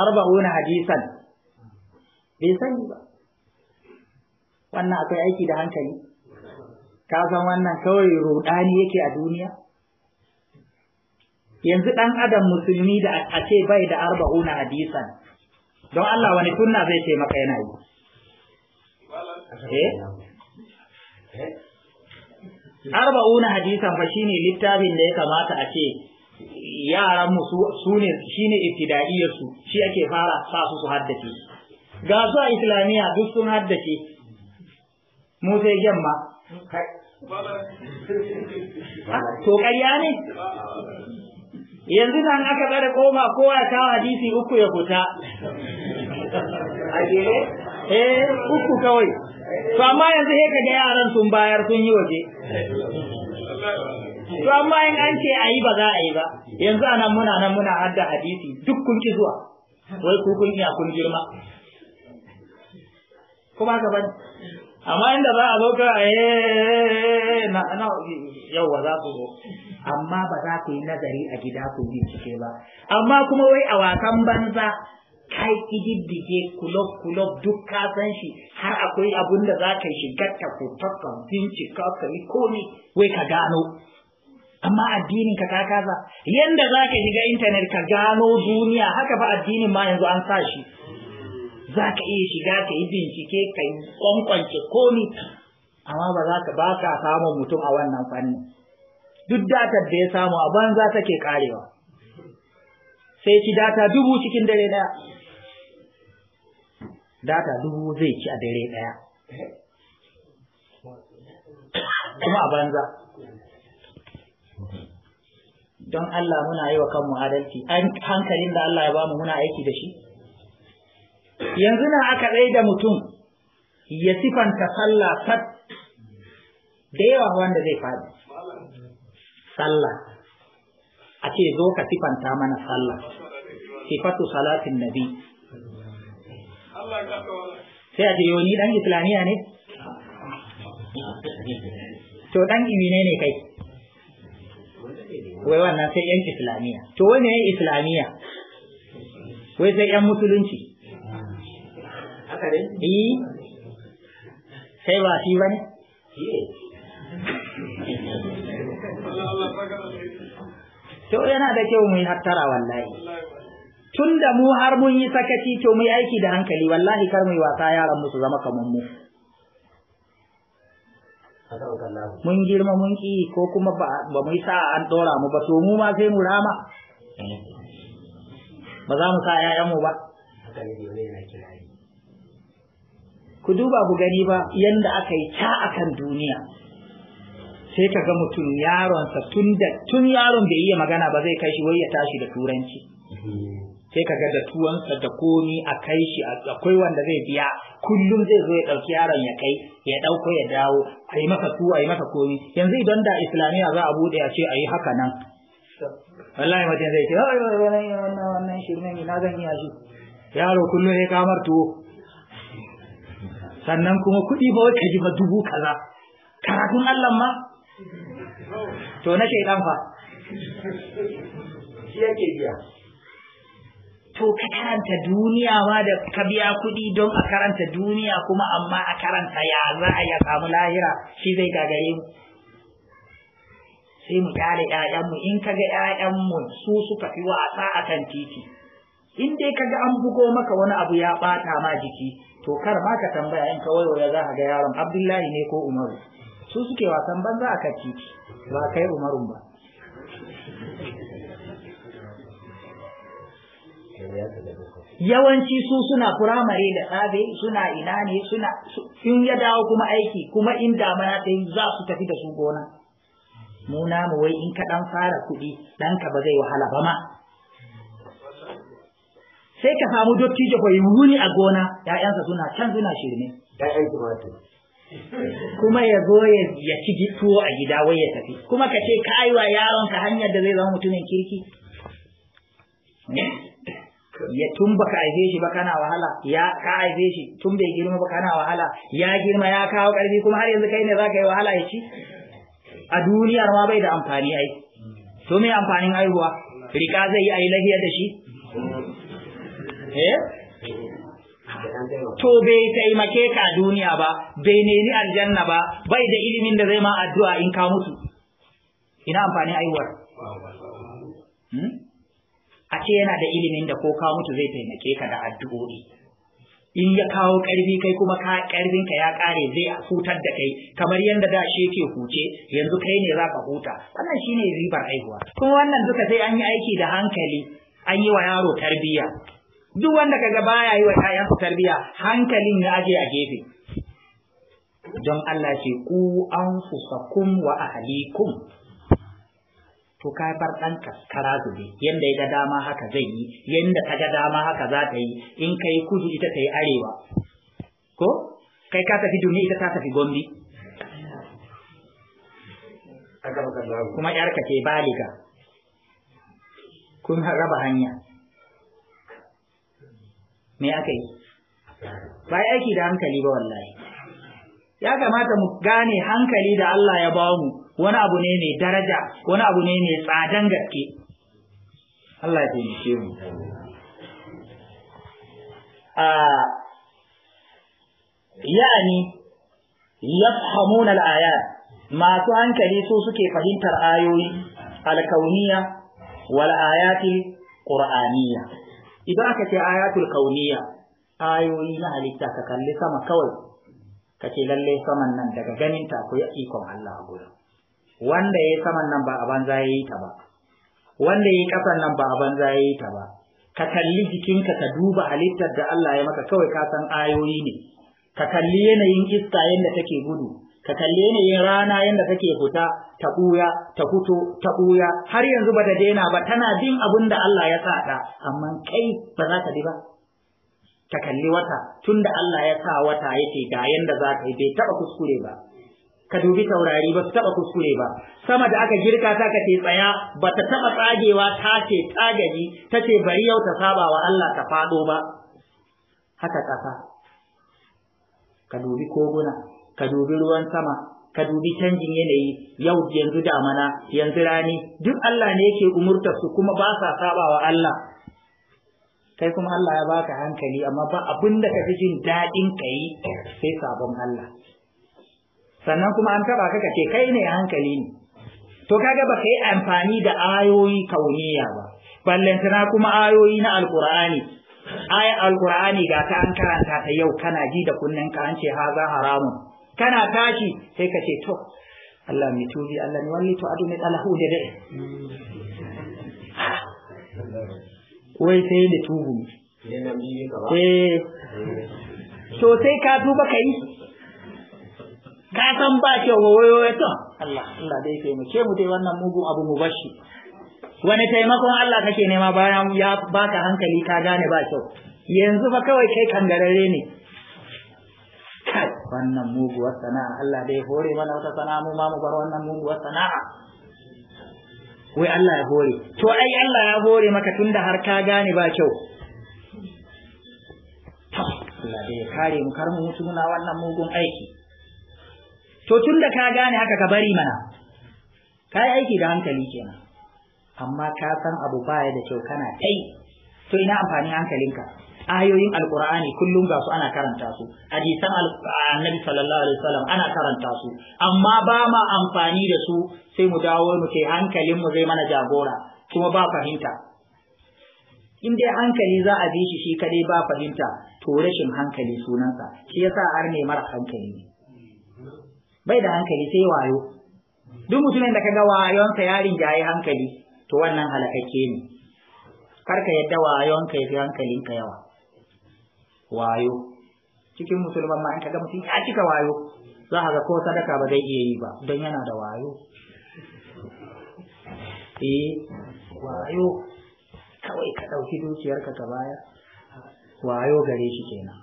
arba'una hadisan bai san ba wannan akwai aiki da hankali ka san wannan kawai rudani yake a duniya yanzu dan adam musulmi da a ce bai da arba'una hadisan don Allah wani sunna zai ce maka yana yi eh arba'una hadisan fa shine littafin da ya kamata a ce yaran mu su ne shine ibtidaiyar shi ake fara sa su su haddace ga su a islamiya duk sun haddace mu sai yamma to ƙarya ne yanzu da an aka tsare koma kowa ya kawo hadisi uku ya fita eh uku kawai to amma yanzu sai kaga yaran sun bayar sun yi waje to amma in an ce ayi ba za a yi ba yanzu ana muna nan muna hadda hadisi duk kun ki zuwa wai ku kun iya kun girma ko ba ka ba amma inda za a zo ka eh, na na wa za ku zo amma ba za ku yi nazari a gida ku yi cike ba amma kuma wai a wasan banza kai kididdige kulob kulob duk ka san shi har akwai abun da za ka shigar ta ku takan bincika ka yi komi wai ka gano amma addinin ka kaza yanda za ka shiga intanet ka gano duniya haka fa addinin ma yanzu an sa shi za ka iya shiga ka yi bincike ka yi kwankwance komi amma ba za ka ba ka samun mutum a wannan fannin duk datar da ya samu a banza take karewa sai ci data dubu cikin dare daya data dubu zai ci a dare daya kuma a banza don Allah muna yi wa kanmu adalci hankalin da Allah ya bamu muna aiki da shi yanzu na aka ɗai da mutum ya sifanta sallah fat da yawa wanda zai faɗi sallah a ce zo ka sifanta mana sallah sifatu salatin nabi sai a ce yau ni dan islamiya ne to dan imine ne kai wai wannan sai yan islamiya to wani yan islamiya wai sai yan musulunci Eh. to yana da kyau mu yi hattara wallahi tun da mu har mun yi sakaci to mu yi aiki da hankali wallahi kar mu yi wasa yaran mu su zama kamar mu mun girma mun ki ko kuma ba mu yi sa an dora mu ba to mu ma sai mu rama eh. ba za mu sa mu ba ku duba ku gani ba yanda aka yi ta akan duniya sai ka ga mutum yaronsa tun da tun yaron bai iya magana ba zai kai shi wai ya tashi da turanci sai ka ga da tuwansa da komi a kai shi akwai wanda zai biya kullum zai zo ya ɗauki yaron ya kai ya ɗauko ya dawo a yi maka tuwa a yi maka komi yanzu idan da islamiyya za a buɗe a ce a yi haka nan wallahi mutum zai ce wannan wannan shirme na zan iya shi yaro kullum ya kamar tuwo sannan kuma kuɗi ba wai ji ba dubu kaza karatun Allah ma to na shaidan fa shi yake biya to ka karanta duniya ma da ka biya kuɗi don a karanta duniya kuma amma a karanta ya za a ya samu lahira shi zai gagaye mu sai mu kyale ƴaƴanmu in kaga ƴaƴanmu su suka fi wasa a kan titi in dai kaga an bugo maka wani abu ya bata ma jiki to kar ma ka tambaya in ka waiwaya za ka ga yaron Abdullahi ne ko Umaru su suke wasan banza a kan ba kai Umarun ba yawanci su suna firamare da tsabe suna ina ne suna in ya dawo kuma aiki kuma in damana ta za su tafi da su gona mu wai in ka dan fara kuɗi ɗanka ba zai wahala ba ma sai ka samu dottijo ko wuni a gona 'ya'yansa suna can suna shirme ƴaƴan tumatir kuma ya zo ya ci tuwo a gida wai ya tafi kuma ka ce ka aiwa yaron ka hanyar da zai zama mutumin kirki ya tun baka aife shi ba kana wahala ya ka aife shi tun bai girma ba kana wahala ya girma ya kawo karfi kuma har yanzu kai ne zaka yi wahala ya ci a duniyar ma bai da amfani ai to me amfanin aihuwa rika zai yi ai lafiya da shi Eh? to bai taimake ka a duniya ba bai nemi aljanna ba bai da ilimin da zai ma addu'a in ka mutu ina amfani aiwar hmm? a ce yana da ilimin da ko ka mutu zai taimake ka da addu'o'i in ya kawo ƙarfi kai kuma ka ka ya kare zai hutar da kai kamar yadda da shi yake huce yanzu kai ne za ka huta wannan shine ribar aihuwa kuma wannan duka sai an yi aiki da hankali an yi wa yaro tarbiyya duk wanda kaga baya yi wa ƴaƴansu tarbiya hankalin ya aje a gefe don Allah ce ku anfusakum wa ahlikum to ka bar ɗan kaskara zube yanda ya ga dama haka zai yi yanda ta ga dama haka za ta yi in ka yi kudu ita ta yi arewa ko kai ka tafi duniya ita ta tafi gombe kuma yarka ce baliga kun raba hanya me aka yi ba aiki da hankali ba wallahi ya kamata mu gane hankali da Allah ya ba mu wani abu ne mai daraja wani abu ne mai tsadan gaske Allah ya taimake mu a yani yafhamun al-ayat masu hankali su suke fahimtar ayoyi al-kauniyya wal ayati qur'aniyya idan aka ce ayatul kauniya ayoyi na halitta ka kalli sama kawai ka ce lalle saman nan daga ganin ta akwai ikon Allah a gurin wanda ya saman nan ba a banza ya yi ta ba wanda ya kasan nan ba a banza ya yi ta ba ka kalli jikinka ka duba halittar da Allah ya maka kawai ka san ayoyi ne ka kalli yanayin iska yadda take gudu ka kalle ni rana yanda kake fita ta buya ta fito ta buya har yanzu ba ta daina ba tana bin abun da Allah ya sa ta amma kai ba za ka bi ba ka kalli wata tunda Allah ya sa wata yake ga yadda za ka yi bai taɓa kuskure ba ka dubi taurari ba su taɓa kuskure ba sama da aka girka ta ka ce tsaya ba ta taɓa tsagewa ta ce tsagaji ta ce bari yau ta saba wa Allah ta fado ba haka ƙasa ka dubi koguna ka dubi ruwan sama ka dubi canjin yanayi yau yanzu damana yanzu rani duk Allah ne yake umurtar su kuma ba sa sabawa Allah kai kuma Allah ya baka hankali amma ba abin da ji jin daɗin ka sai sabon Allah sannan kuma an taba ka kace kai ne hankali ne to kaga ba kai amfani da ayoyi kauniya ba tana kuma ayoyi na alkur'ani ayat alkur'ani ga ta an karanta ta yau kana ji da kunnen ka an ce haza haramun kana tashi sai ka ce to Allah mai tubi Allah mi wani to adu ne alahu da dai wai sai da tubu eh so sai ka tuba kai ka san ba kyau wayo to Allah Allah dai kai mu ke mu dai wannan mugu abu mu bashi wani taimakon Allah kake nema bayan ya baka hankali ka gane ba kyau yanzu fa kawai kai kangarare ne wannan muguwar sana'a Allah dai hore mana wata sana'a mu ma mu bar wannan muguwar sana'a wai Allah ya hore to ai Allah ya hore maka tunda har ka gane ba kyau Allah dai ya kare mu kar mu mutu muna wannan mugun aiki to tunda ka gane haka ka bari mana kai aiki da hankali kenan amma ka san abu baya da kyau kana kai to ina amfanin hankalinka ayoyin alqur'ani kullum ga su ana karanta su hadisan annabi sallallahu alaihi wasallam ana karanta su amma ba ma amfani da su sai mu dawo mu ce hankalin mu zai mana jagora kuma ba fahimta in dai hankali za a bi shi shi kadai ba fahimta to rashin hankali sunansa shi yasa har ne mara hankali ne bai da hankali sai wayo duk mutumin da kaga wayonsa ya rinjaye hankali to wannan halakakke ne kar ka yadda wayonka ya fi hankalinka yawa wayo cikin musulman ma in ga mutum ya cika wayo za ka ga ko sadaka ba zai iya yi ba don yana da wayo eh wayo kawai ka ɗauki dukiyarka ka baya wayo gare shi kenan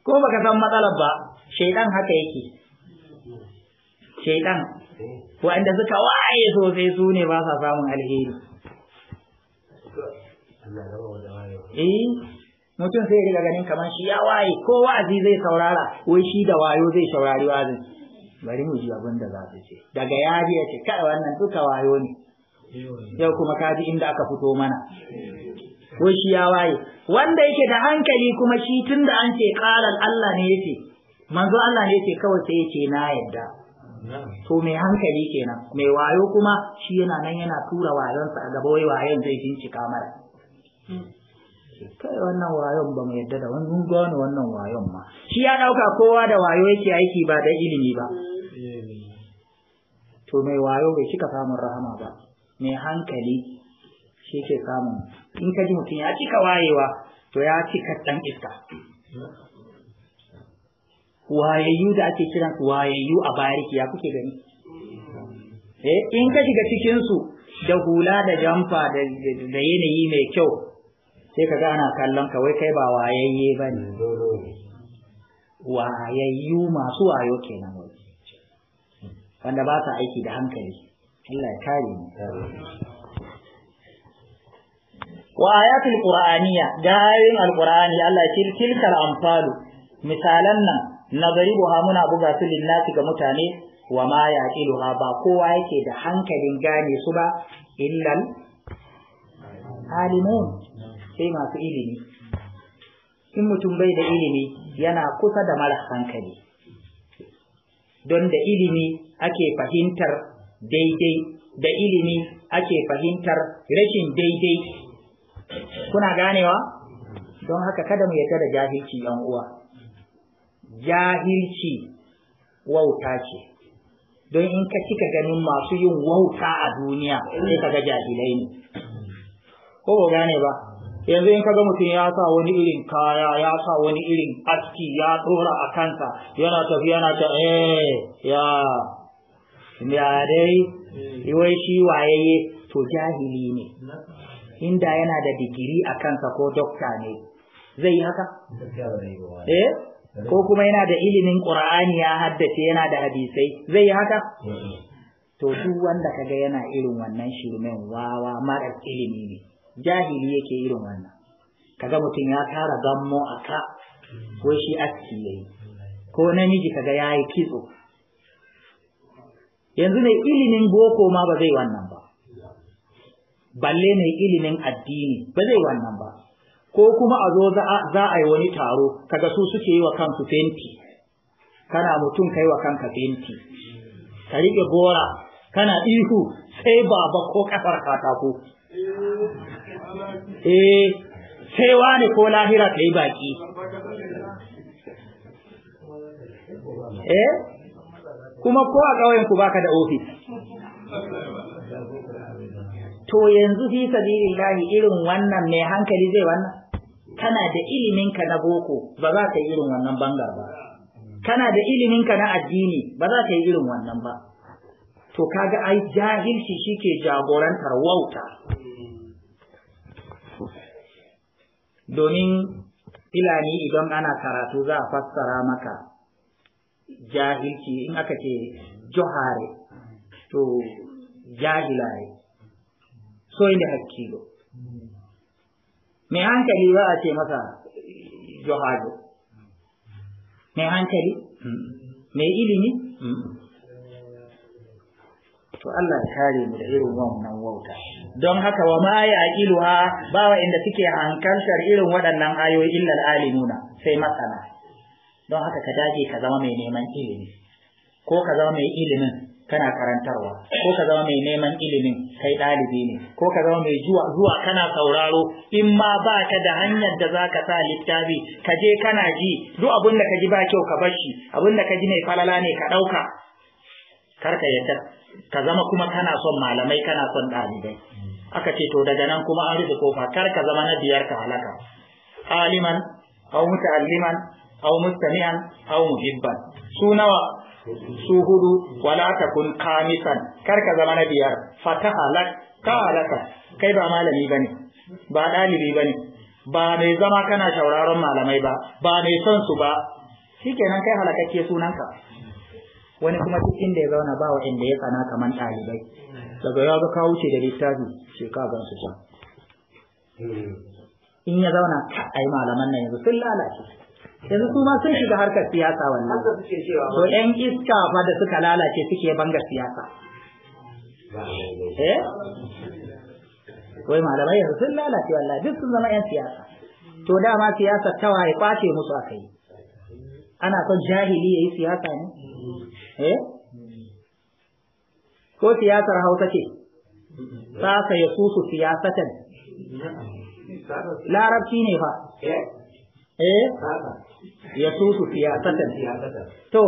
ko baka san matsalar ba shaidan haka yake shaidan wa'anda suka waye sosai su ne ba sa samun alheri eh mutum sai riga ganin kamar shi ya waye ko wa'azi zai saurara wai shi da wayo zai saurari wa'azin bari mu ji abin da za su ce daga yaji ya ce kai wannan duka wayo ne yau kuma ka ji inda aka fito mana wai shi ya waye wanda yake da hankali kuma shi tun da an ce Allah ne yake manzo Allah ne yake kawai sai yace na yadda to mai hankali kenan mai wayo kuma shi yana nan yana tura wayonsa a gaba wai wayon zai bincika mara ce kai wannan wayon ba mu yadda da wani mun wannan wayon ma shi ya dauka kowa da wayo yake aiki ba da ilimi ba to mai wayo bai cika samun rahama ba mai hankali shi ke samun in ka ji mutum ya cika wayewa to ya cika dan iska wayayyu da ake kiran wayayyu a bariki ya kuke gani eh in ka shiga cikin su da hula da jamfa da yanayi mai kyau sai ka gana kallon ka wai kai ba wayayye ba ne mm, wayayyu masu wayo kenan wai wanda ba ta aiki da hankali Allah ya kare mu wa ayatul qur'aniyya ga ayoyin alqur'ani Allah ya ce tilkal misalan nan buha muna buga su linnasi ga mutane wa ma yaqiluha ba kowa yake da hankalin gane su ba illal alimun sai masu ilimi in mutum bai da ilimi yana kusa da mara hankali don da ilimi ake fahimtar daidai da ilimi ake fahimtar rashin daidai kuna ganewa don haka kada mu yarda da jahilci yan uwa jahilci wauta ce don in ka cika ganin masu yin wauta a duniya sai ka jahilai ne ko ba gane ba yanzu in kaga mutum ya sa wani irin kaya ya sa wani irin aski ya tsora a kanta yana tafiya yana ta eh ya ya dai hmm. wai shi wayaye to jahili ne inda yana da digiri a kansa ko dokta ne zai yi haka eh ko kuma yana da ilimin qur'ani ya haddace yana da hadisai zai yi haka hmm. to duk wanda kaga yana irin wannan shirmen wawa mara ilimi ne jahili yake irin wannan kaga mutum ya tara gammo a ka ko shi aski yayi ko namiji kaga yi kitso yanzu ne ilimin boko ma ba zai wannan ba balle ne ilimin addini ba zai wannan ba ko kuma a zo za a yi wani taro kaga su suke yi wa kansu fenti kana mutum kai wa kanka fenti ka riƙe gora kana ihu sai baba ko ƙasar katako eh sai wani ko lahira ka yi baki eh kuma ko a ƙauyen ku baka da ofis to yanzu fi sabilillahi irin wannan mai hankali zai wannan kana da iliminka na boko ba za ka yi irin wannan bangar ba kana da iliminka na addini ba za ka yi irin wannan ba to kaga ai jahilci shike jagorantar wauta domin filani idan ana karatu za a fassara maka jahilci in aka ce johari to jahilare so inda hakkilo mai hankali ba a ce masa johajo mai hankali mai ilimi to Allah ya kare mu da irin wannan wauta don haka wa ma ya aqiluha ba inda suke hankantar irin waɗannan ayoyi illa alimuna sai masana don haka ka dage ka zama mai neman ilimi ko ka zama mai ilimin kana karantarwa ko ka zama mai neman ilimin kai ɗalibi ne ko ka zama mai zuwa zuwa kana sauraro in ma ba ka da hanyar da za ka sa littafi ka je kana ji duk abin da ka ji ba kyau ka bar shi abin da ka ji mai falala ne ka ɗauka kar ka yadda ka zama kuma kana son malamai kana son ɗalibai aka ce to daga nan kuma an rufe kofa kar ka zama na biyar ka halaka aliman aw muta'alliman aw mustami'an aw muhibban su nawa su hudu wala takun khamisan kar ka zama na biyar fata halak ka halaka kai ba malami bane ba dalibi bane ba mai zama kana shauraron malamai ba ba mai son su ba shikenan kai halakakke sunanka wani kuma duk inda ya zauna ba wa inda ya tsana kamar ɗalibai daga ya ga ka wuce da littafi sai ka ga su can in ya zauna ai malaman nan yanzu sun lalace yanzu su ma sun shiga harkar siyasa wannan to yan iska fa da suka lalace suke banga siyasa eh wai malamai yanzu sun lalace wallahi duk sun zama yan siyasa to dama siyasa ta waye kwace musu akai ana son jahili yayi siyasa ne eh ko siyasar hausa ce sasa su su siyasatan larabci ne fa eh ya su siyasatan to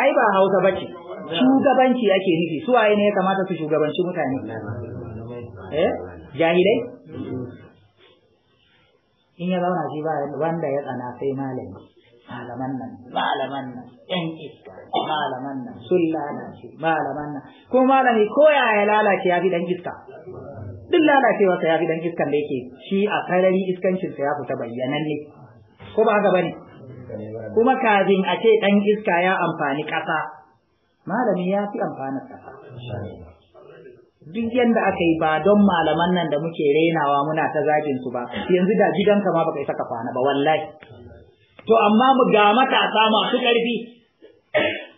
ai ba hausa ba ce. shugabanci ake nufi su waye ne ya kamata su shugabanci mutane eh jahilai in ya zauna shi ba wanda ya tsana sai malami malaman nan malaman nan ɗan iska malaman nan sun lalace malaman nan ko malami ko ya lalace ya fi ɗan iska duk lalacewarsa ya fi ɗan iskan da yake shi a sarari iskancinsa ya fita bayyananne ko ba haka bane kuma kafin a ce ɗan iska ya amfani ƙasa malami ya fi amfanin ƙasa duk yanda aka yi ba don malaman nan da muke renawa muna ta zagin su ba yanzu da gidanka ma baka isa ka kwana ba wallahi to amma mu ga matasa masu ƙarfi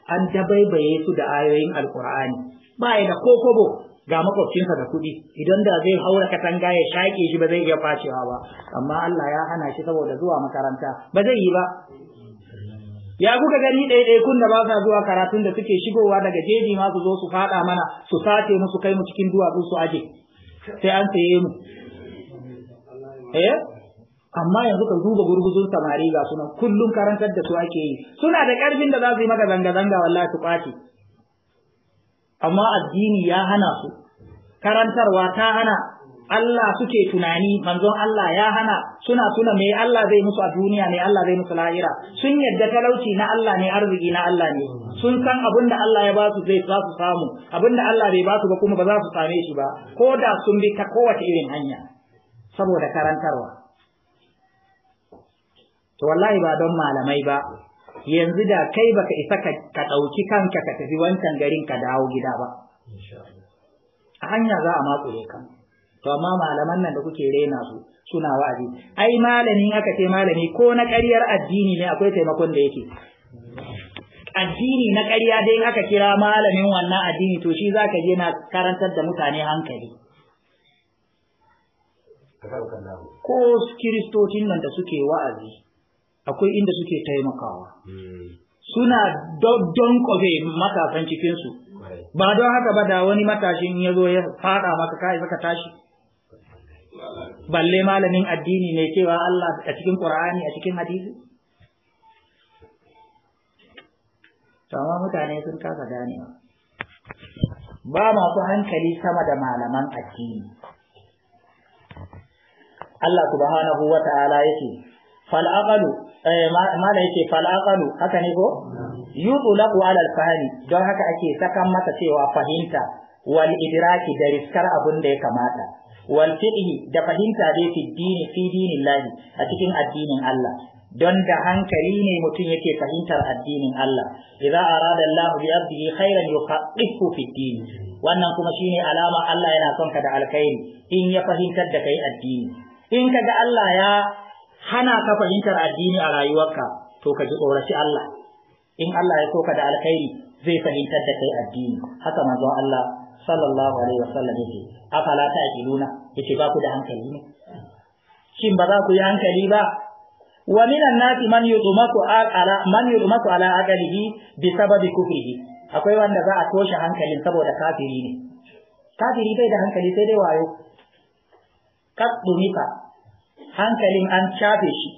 an dabaibaye su da ayoyin alkur'ani ba ya da kokobo ga makwabcinsa da kuɗi idan da zai haura katanga ya shaƙe shi ba zai iya fashewa ba amma Allah ya hana shi saboda zuwa makaranta ba zai yi ba ya kuka gani ɗaiɗaikun da ba sa zuwa karatun da suke shigowa daga jeji ma su zo su faɗa mana su sace mu su kai mu cikin duwatsu su aje sai an saye mu eh amma yanzu ka duba gurguzun samari ga sunan kullum karantar da su ake yi suna da karfin da za su yi maka zanga-zanga wallahi su kwace amma addini ya hana su karantarwa ta hana Allah suke tunani manzon Allah ya hana suna tuna me Allah zai musu a duniya me Allah zai musu lahira sun yadda talauci na Allah ne arziki na Allah ne sun san abinda Allah ya ba zai su samu abin da Allah bai basu ba kuma ba za su same shi ba ko da sun bi ta kowace irin hanya saboda karantarwa to wallahi ba don malamai ba yanzu da kai baka isa ka ɗauki kanka ka tafi wancan garin ka dawo gida ba a hanya za a matsure ka to amma malaman nan da kuke rena su suna wa'azi ai malamin aka ce malami ko na ƙaryar addini ne akwai taimakon da yake addini na ƙarya dai aka kira malamin wannan addini to shi zaka je na karantar da mutane hankali ko kiristocin nan da suke wa'azi akwai inda suke taimakawa hmm. suna don kofe matasan cikinsu ba don haka ba da wani matashin ya zo ya fada maka kai saka tashi balle malamin addini ne cewa Allah a cikin ƙura'ani a cikin hadisi Sama mutane sun kasa ganewa ba masu hankali sama da malaman addini Allah subhanahu wa ta'ala yake fal'aqalu eh, mana yake fal'aqalu haka ne ko yudlaqu ala al don haka ake sakan masa cewa fahimta wal idraki da riskar abin da ya kamata wal da fahimta dai fi dini fi a cikin addinin Allah don da hankali ne mutum yake fahimtar addinin Allah idza arada Allah bi abdihi khairan yufaqihu fi din wannan kuma shine alama Allah yana son ka da alkhairi in ya fahimtar da kai addini in kaga Allah ya hana ka fahimtar addini a rayuwarka to ka ji tsoraci Allah in Allah ya soka da alkhairi zai fahimtar da kai addini haka manzo Allah sallallahu alaihi wasallam yake afala ta'qiluna yace ba ku da hankali ne shin ba za ku yi hankali ba wa minan nasi man yuzmaku aqala man yuzmaku ala aqalihi bi sababi kufrihi akwai wanda za a toshe hankalin saboda kafiri ne kafiri bai da hankali sai dai wayo kadumika hankalin an cafe shi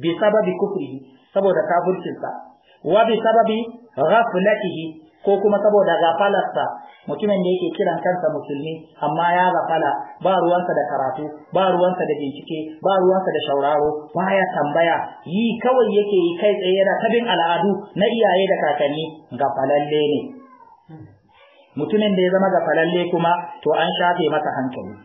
bi sababi kufri saboda kafircinsa wa bi sababi ghaflatihi ko kuma saboda gafalarsa mutumin da yake kiran kansa musulmi amma ya gafala ba ruwansa da karatu ba ruwansa da bincike ba ruwansa da shauraro ba ya tambaya yi kawai yake yi kai tsaye da tabin al'adu na iyaye da kakanni ga falalle ne mutumin da ya zama ga falalle kuma to an shafe masa hankali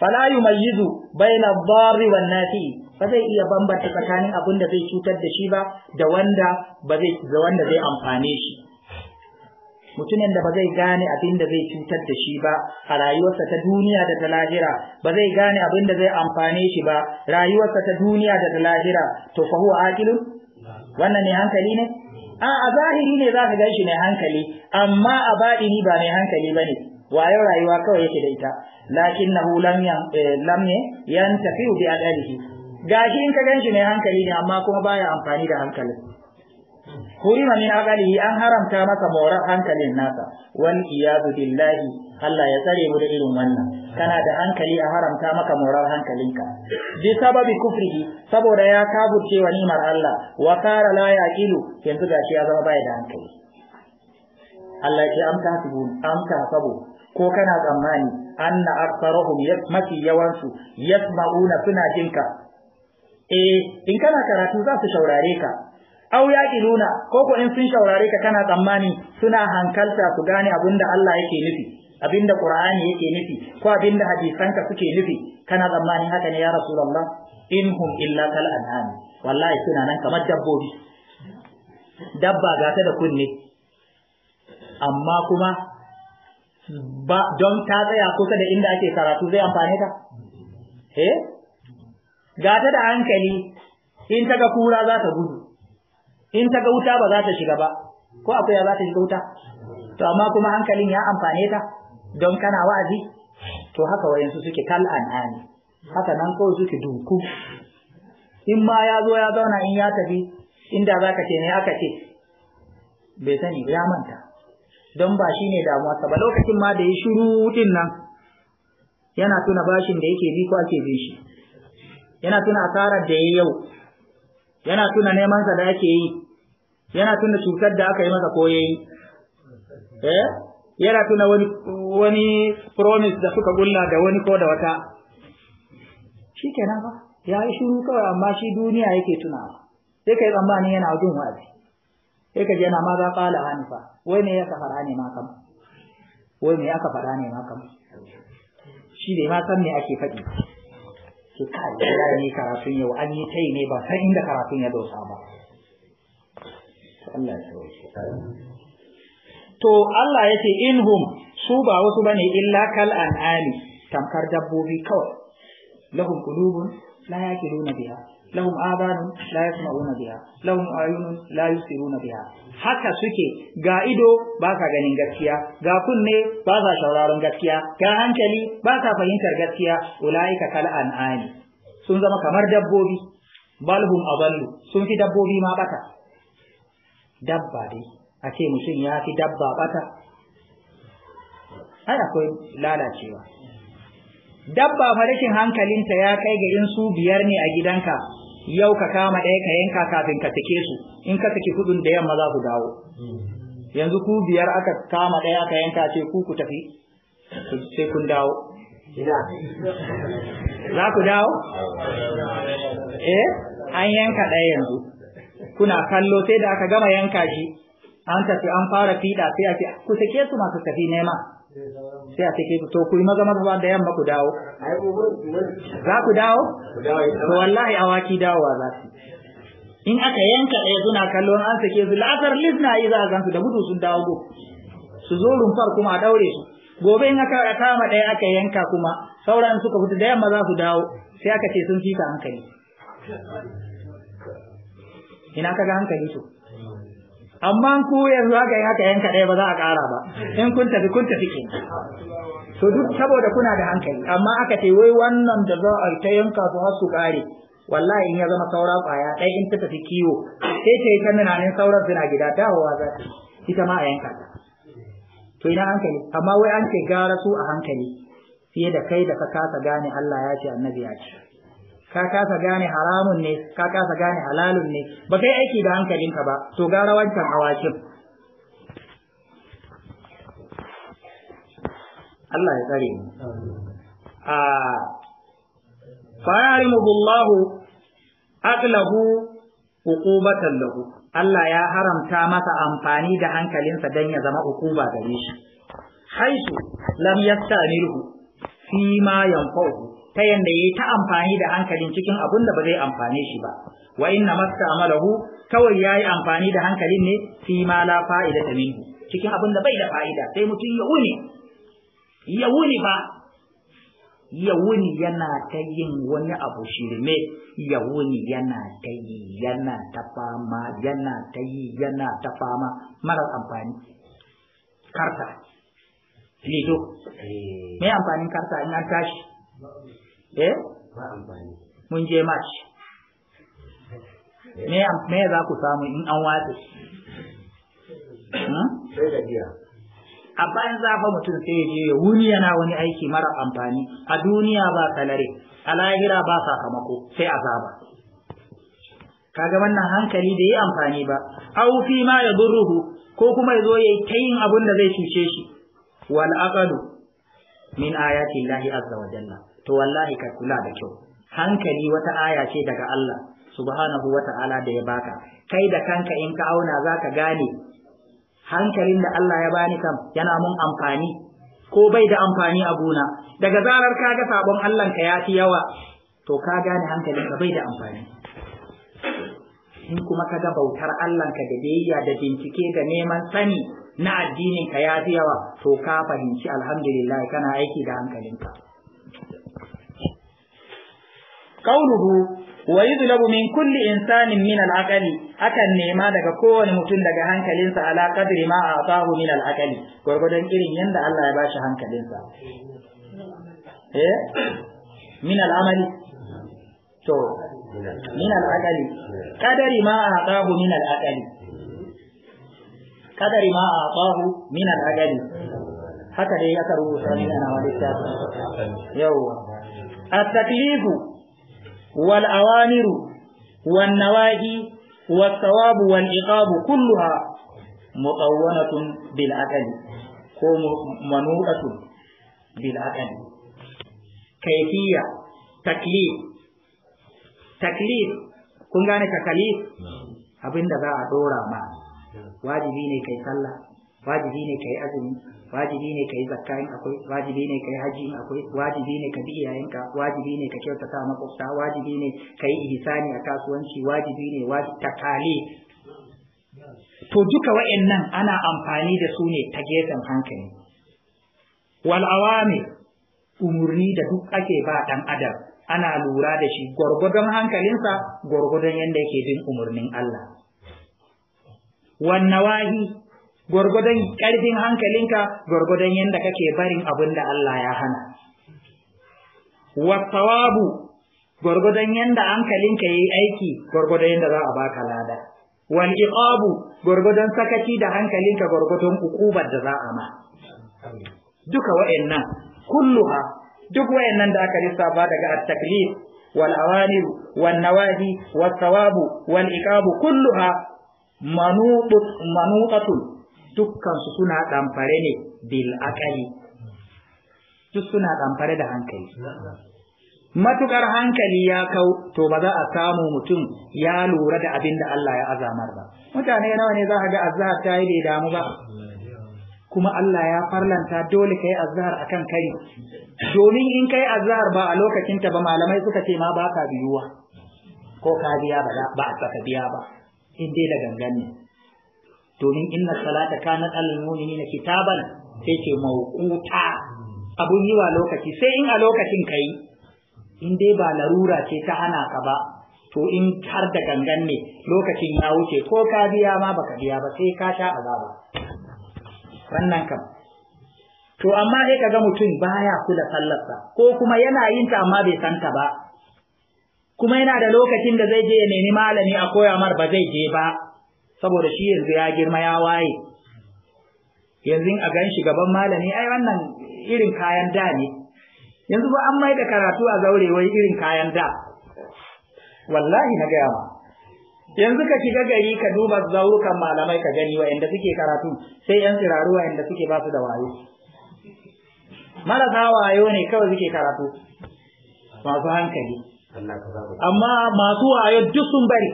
fala yumayyizu ad dharri wan nafi ba zai iya bambanta tsakanin abin da zai cutar da shi ba da wanda ba zai da wanda zai amfane shi mutumin da ba zai gane abin da zai cutar da shi ba a rayuwarsa ta duniya da ta lahira ba zai gane abin da zai amfane shi ba rayuwarsa ta duniya da ta lahira to fa huwa aqilun wannan ne hankali ne a a zahiri ne ka gan shi mai hankali amma a baɗini ba mai hankali ba ne. wayo rayuwa kawai yake da ita lakinnahu lam eh, lam yantafi bi adalihi gashi in ka ganshi mai hankali ne amma kuma baya amfani da hankalin hurima min aqalihi an haramta masa mora hankalin nasa wal iyadu billahi Allah ya tsare mu da irin wannan kana da hankali a haramta maka moran hankalinka bi sababi kufrihi saboda ya kabuce wa ni'mar Allah wa kara la yaqilu yanzu gashi ya zama baya da hankali Allah ya ce amta hasibun amta ko kana tsammani anna aktharuhum yasmaki yawansu yasma'una suna jinka eh in kana karatu za su shaurare ka aw yaqiluna ko ko in sun shaurare ka kana tsammani suna hankalta su gane abinda Allah yake nufi abinda Qur'ani yake nufi ko abinda hadisanka suke nufi kana tsammani haka ne ya Rasulullah inhum illa kal anan wallahi suna nan kamar dabbobi dabba ta da kunne amma kuma ba don ta tsaya kusa da inda ake karatu zai amfane ta eh ga ta da hankali in ta ga kura za ta gudu in ta ga wuta ba za ta shiga ba ko akwai za ta shiga wuta to amma kuma hankalin ya amfane ta don kana wa'azi to haka wayansu suke kal an'ani haka nan ko suke duku in ma ya zo ya zauna in ya tafi inda za ce ne aka ce bai sani ya manta don ba shi ne damuwarsa ba lokacin ma da ya shiru din nan yana tuna bashin da yake bi ko ake bi shi yana tuna asarar da ya yau yana tuna neman sa da ake yi yana tuna cutar da aka yi masa ko yayi eh yana tuna wani wani promise da suka gulla da wani ko da wata shikenan ba ya yi shiru kawai amma shi duniya yake tunawa sai kai tsammani yana jin wazi sai ka yana ma za ƙala hanifa wai me aka fara ne ma kam wai me aka fara ne ma kam shi ne ma san me ake faɗi ke kai ya ne karatun yau an yi tai ne ba san inda karatun ya dosa ba Allah ya to Allah ya ce inhum su ba wasu bane illa kal an'ami tamkar dabbobi kawai lahum qulubun la yaqiluna biha lahum adanun la yasma'una biha lahum ayunun la yusiruna biha haka suke ga ido ba ka ganin gaskiya ga kunne ba sa shauraron gaskiya ga hankali ba sa fahimtar gaskiya ulaika kal an'ani sun zama kamar dabbobi balhum adallu sun fi dabbobi ma bata dabba dai a ce mutum ya fi dabba bata ai akwai lalacewa dabba farashin hankalinta ya kai ga in su biyar ne a gidanka yau ka kama ɗaya ka yanka kafin ka sake su in ka saki kudin da yamma za ku dawo yanzu ku biyar aka kama ɗaya ka yanka ce ku ku tafi sai kun dawo za ku dawo eh an yanka ɗaya yanzu kuna kallo sai da aka gama yanka shi an tafi an fara fiɗa sai a ce ku sake su masu tafi nema sai a take to ku yi maza ba da yamma ku dawo za ku dawo to wallahi awaki dawowa za su in aka yanka ɗaya suna kallon an sake su la'asar lisna yi za a gansu da gudu sun dawo go su zo rumfar kuma a ɗaure su gobe in aka kama ɗaya aka yanka kuma sauran suka fita da yamma za su dawo sai aka ce sun fika hankali ina kaga hankali su? amma ku yanzu haka yi haka yanka ɗaya ba za a ƙara ba in kun tafi kun tafi ke to duk saboda kuna da hankali amma aka ce wai wannan da za a ta yanka su har su ƙare wallahi in ya zama saura ƙwaya ɗaya in ta tafi kiwo sai ta yi ta ne sauran suna gida ta hawa za ita ma a yanka to ina hankali amma wai an ce gara su a hankali fiye da kai da ka kasa gane Allah ya ce annabi ya ce ka kasa gane haramun ne ka kasa gane halalun ne ba kai aiki da hankalinka ba to gara wancan awakin Allah ya tsare mu a fa ya'lamu Allahu aqlahu uqubatan lahu Allah ya haramta masa amfani da hankalinsa dan ya zama uquba gare shi haisu lam yastamiru fi ma yanfa'u ta yanda yi ta amfani da hankalin cikin abin da ba zai amfane shi ba wa inna masta'amalahu kawai yayi amfani da hankalin ne fi ma la ta minhu cikin abin da bai da fa'ida sai mutum ya wuni ya wuni ba ya wuni yana ta yin wani abu shirme ya wuni yana ta yi yana ta fama yana ta yi yana ta fama marar amfani karta lido eh. me amfanin karta in an tashi eh mun je match eh. me me za ku samu in an watsa hmm? a bayan zafa mutum sai ya je ya wuni yana wani aiki mara amfani a duniya ba kalare a lahira ba sakamako sai azaba kaga wannan hankali da yi amfani ba au fi ma ya ko kuma ya zo ya yi ta yin abin da zai cuce shi wal aqalu min ayati llahi azza wa jalla to wallahi ka kula da kyau hankali wata aya ce daga Allah subhanahu wa ta'ala da ya baka kai da kanka in ka auna zaka gane hankalin da Allah ya bani kam yana mun amfani ko bai da amfani a gona daga zarar kaga sabon Allah ka ya fi yawa to ka gane hankalin ka bai da amfani in kuma kaga bautar Allah ka da biyayya da bincike da neman sani na addinin ka ya fi yawa to ka fahimci alhamdulillah kana aiki da hankalinka qauluhu wa yudlabu min kulli insanin min al-aqli akan nema daga kowane mutum daga hankalinsa ala qadri ma atahu min al-aqli gurgudan irin yanda Allah ya bashi hankalinsa eh min al-amali to min al-aqli qadari ma atahu min al-aqli kadari ma a bahu min al-adali haka dai ya karu rubuta ni ana wani tafi yawa a taklifu wal awamiru wan nawahi was thawabu wal iqabu kulluha mutawwanatun bil aqli ko manudatun bil aqli kayfiyya taklif taklif kun gane taklif abinda za a dora ma wajibi ne kai sallah wajibi ne kai azumi wajibi ne kai zakka in akwai wajibi ne kai haji in akwai wajibi ne ka bi iyayenka wajibi ne ka kyautata makwabta wajibi ne kai ihsani a kasuwanci wajibi ne wajibi takali to duka wa'annan ana amfani da su ne ta gefen hankali wal awami umurni da duk ake ba dan adam ana lura da shi gwargwadon hankalinsa gwargwadon yadda yake bin umurnin Allah wannawahi gwargwadon ƙarfin hankalinka gwargwadon yadda kake barin abin da Allah ya hana wasawabu gwargwadon yadda hankalinka yayi aiki gwargwadon yadda za a baka lada wal iqabu gwargwadon sakaci da hankalinka gwargwadon ukubar da za a ma duka wa'annan kulluha duk wa'annan da aka lissafa daga at-taklif wal awamir wan nawahi was sawabu wal iqabu kulluha manuɗatun dukkansu suna ɗamfare ne bil akali duk suna ɗamfare da hankali matukar hankali ya kau to ba za a samu mutum ya lura da abin da Allah ya azamar ba mutane nawa ne za ka ga azahar ta yi bai damu ba kuma Allah ya farlanta dole ka azahar a akan kai domin in ka yi azahar ba a lokacinta ba malamai suka ce ma ba ka biyuwa ko ka biya ba ba a saka biya ba in dai da gangan ne domin inna salata kana alal mu'minina kitaban sai ce mawquta abun yi wa lokaci sai in a lokacin kai in dai ba larura ce ta hana ka ba to in har da gangan ne lokacin ya wuce ko ka biya ma baka biya ba sai ka sha azaba wannan kam to amma sai kaga mutum baya kula sallarsa ko kuma yana yin ta amma bai santa ba kuma yana da lokacin da zai je ya nemi malami a koya mar ba zai je ba saboda shi yanzu ya girma ya waye yanzu a gan shi gaban malami ai wannan irin kayan da ne yanzu ba an mai da karatu a zaure wai irin kayan da wallahi na gaya ma yanzu ka shiga gari ka duba zaurukan malamai ka gani wa'anda suke karatu sai yan tsiraru wa'anda suke ba su da wayo marasa wayo ne kawai suke karatu masu hankali amma masu wayo duk sun bari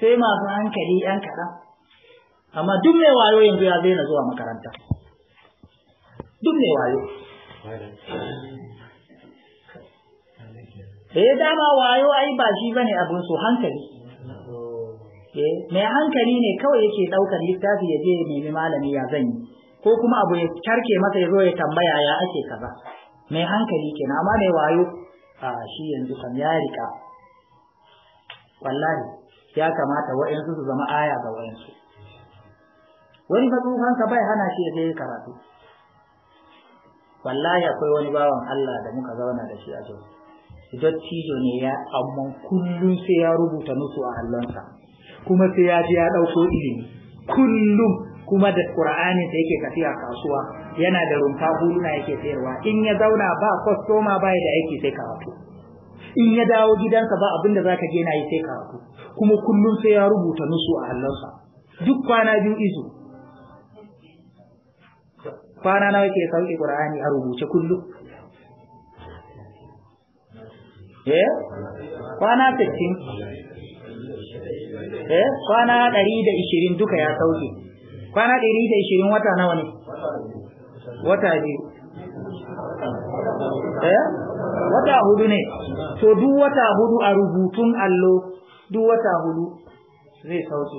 sai masu hankali yan kaɗan amma duk mai wayo yanzu ya zai na zuwa makaranta duk mai wayo da eh, ya dama wayo ai ba shi bane abin su hankali eh, mai hankali ne kawai yake ɗaukar littafi ya je nemi malami ya zan yi ko kuma abu ya karke masa ya zo ya tambaya ya ake kaza mai hankali kenan amma mai wayo a shi yanzu kan ya rika. wallahi ya kamata wa'yansu su zama aya ga wa'yansu wani fatsufansa bai hana shi ya je karatu wallahi akwai wani bawan Allah da muka zauna da shi a jos dattijo ne ya amma kullum sai ya rubuta nusu a hallonsa, kuma sai ya ji ya ɗauko ilimi kullum kuma da ƙur'ani da yake tafiya kasuwa yana da rumfa huluna yake sayarwa in ya zauna ba kwastoma ba da aiki sai ka wato. in ya dawo gidansa ba abin da zaka je na yi sai wato. kuma kullum sai ya rubuta nusu a hannunsa duk kwana biyu izo kwana nawa yake sauki qur'ani a rubuce kullum eh kwana 60 eh kwana 120 duka ya sauke kwana 120 wata nawa ne wata ne eh wata hudu ne to duk wata hudu a rubutun allo duk wata hudu zai sauke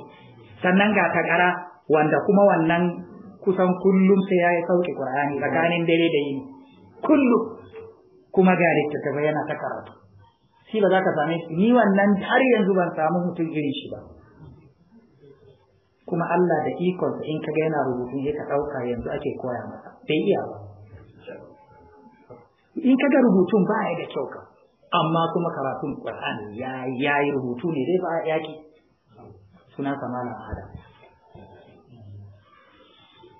sannan ga takara wanda kuma wannan kusan kullum sai ya yi sauke ƙur'ani tsakanin dare da yini kullum kuma ga littattafai yana ta karatu shi ba za ka same ni wannan har yanzu ban samu mutum irin shi ba kuma Allah da ikonsa in kaga yana rubutu ya ka ɗauka yanzu ake koya masa bai iya ba in kaga rubutun ba ya da kyau ka amma kuma karatun Qur'ani ya yi rubutu ne dai ba yaki suna samala ada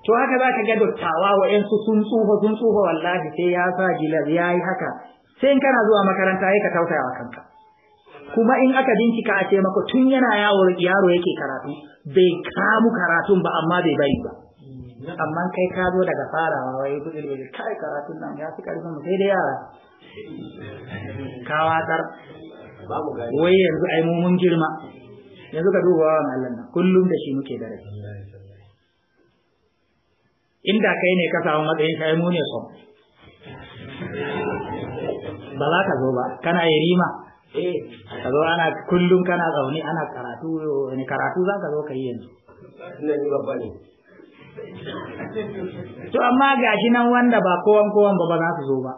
to haka za ka ga dattawa su sun tsufa sun tsufa wallahi sai ya sa gilas ya haka sai in kana zuwa makaranta ya ka tausaya wa kanka kuma in aka bincika a ce maka tun yana yawo yaro yake karatu bai kamu karatun ba amma bai bari ba amma kai ka zo daga farawa wai kudin da kai karatun nan ya fi karfin mu sai da yara kawa tar wai yanzu ai mu mun girma yanzu ka duba wa Allah nan kullum da shi muke dare inda kai ne ka samu matsayin kai mu ne son ba za ka zo ba kana yi rima Eh, ka zo ana kullum kana zaune ana karatu ne karatu za ka zo ka yi yanzu to amma shi nan wanda ba kowan kowan ba ba za su zo ba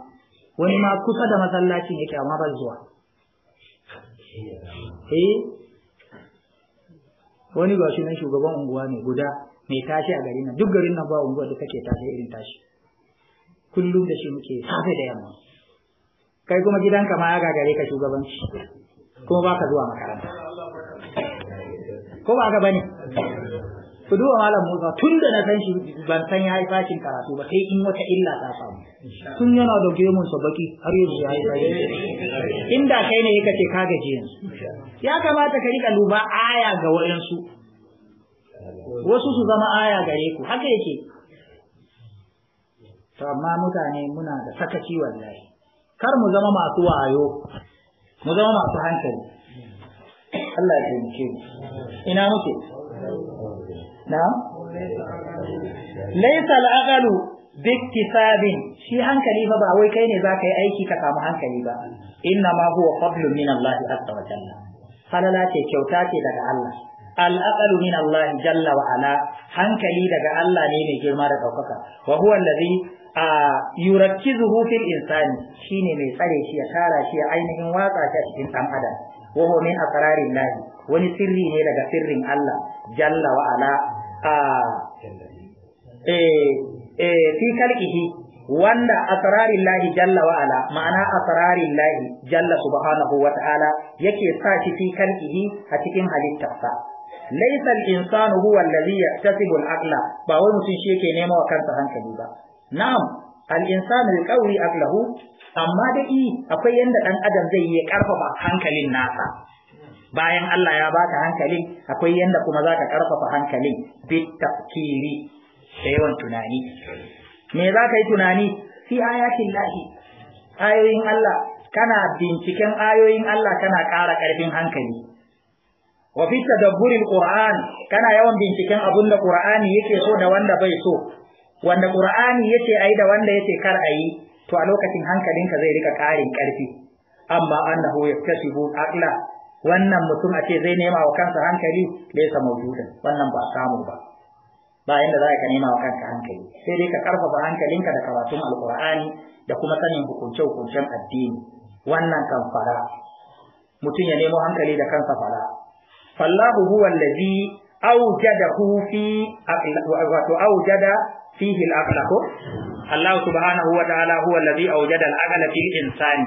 wani ma kusa da masallacin yake amma ba zuwa eh wani shi nan shugaban unguwa ne guda mai tashi a garin nan duk garin nan ba unguwa da take tashi irin tashi kullum da shi muke safe da yamma kai kuma gidanka ma ya gagare ka shugabanci kuma baka zuwa makaranta ko ba ka bane ku duba malam Musa tun da na san shi ban san yayi fashin karatu ba sai in wata illa ta samu tun yana da gemun sa baki har yanzu yi fashin inda kai ne yake ce ka gaji ya kamata ka rika duba aya ga wayansu wasu su zama aya gare ku haka yake to amma mutane muna da sakaci wallahi kar mu zama masu wayo mu zama masu hankali Allah ya taimake mu ina muke na laysa al-aqalu biktisabin shi hankali ba ba wai kai ne zaka yi aiki ka samu hankali ba inna ma huwa fadlun min Allah azza wa jalla falala ce kyauta ce daga Allah al'aqalu min Allah jalla wa ala hankali daga Allah ne mai girma da ɗaukaka wa huwa allazi a yurakkizuhu zuhufin insani shine mai tsare shi ya tara shi ya ainihin watsa shi a cikin dan adam wa lahi wani sirri ne daga sirrin Allah jalla wa ala a eh, eh, fi wanda asrarin lahi jalla wa ala ma'ana asrarin lahi jalla subhanahu wa ta'ala yake sa shi fi a cikin halittarsa laysa al-insanu huwa alladhi yaktasibu al-aqla ba wai mutum shi yake nema wa kansa hankali ba na'am al-insanu yaqawi aqlahu amma dai akwai yanda dan adam zai yi karfafa hankalin nasa bayan Allah ya baka hankalin akwai yanda kuma zaka karfafa hankalin bit tafkiri yawan tunani me zaka yi tunani fi ayatin lahi ayoyin Allah kana binciken ayoyin Allah kana ƙara ƙarfin hankali wa fi tadabburil qur'an kana yawan binciken abun da qur'ani yake so da wanda bai so wanda qur'ani yace ayi da wanda yace kar ayi to a lokacin hankalinka zai rika karin karfi amma annahu yaktashibu aqla wannan mutum a ce zai nema wa kansa hankali laysa mawjudan wannan ba samu ba ba yanda za ka nema wa kanka hankali sai dai ka karfafa hankalinka da karatun alqur'ani da kuma sanin hukunce hukuncen addini wannan kan fara mutum ya nemo hankali da kansa fara fallahu huwa allazi aujada hu fi wato aujada fihi al-aqla ko Allah subhanahu wa ta'ala huwa allazi aujada al-aqla fil insani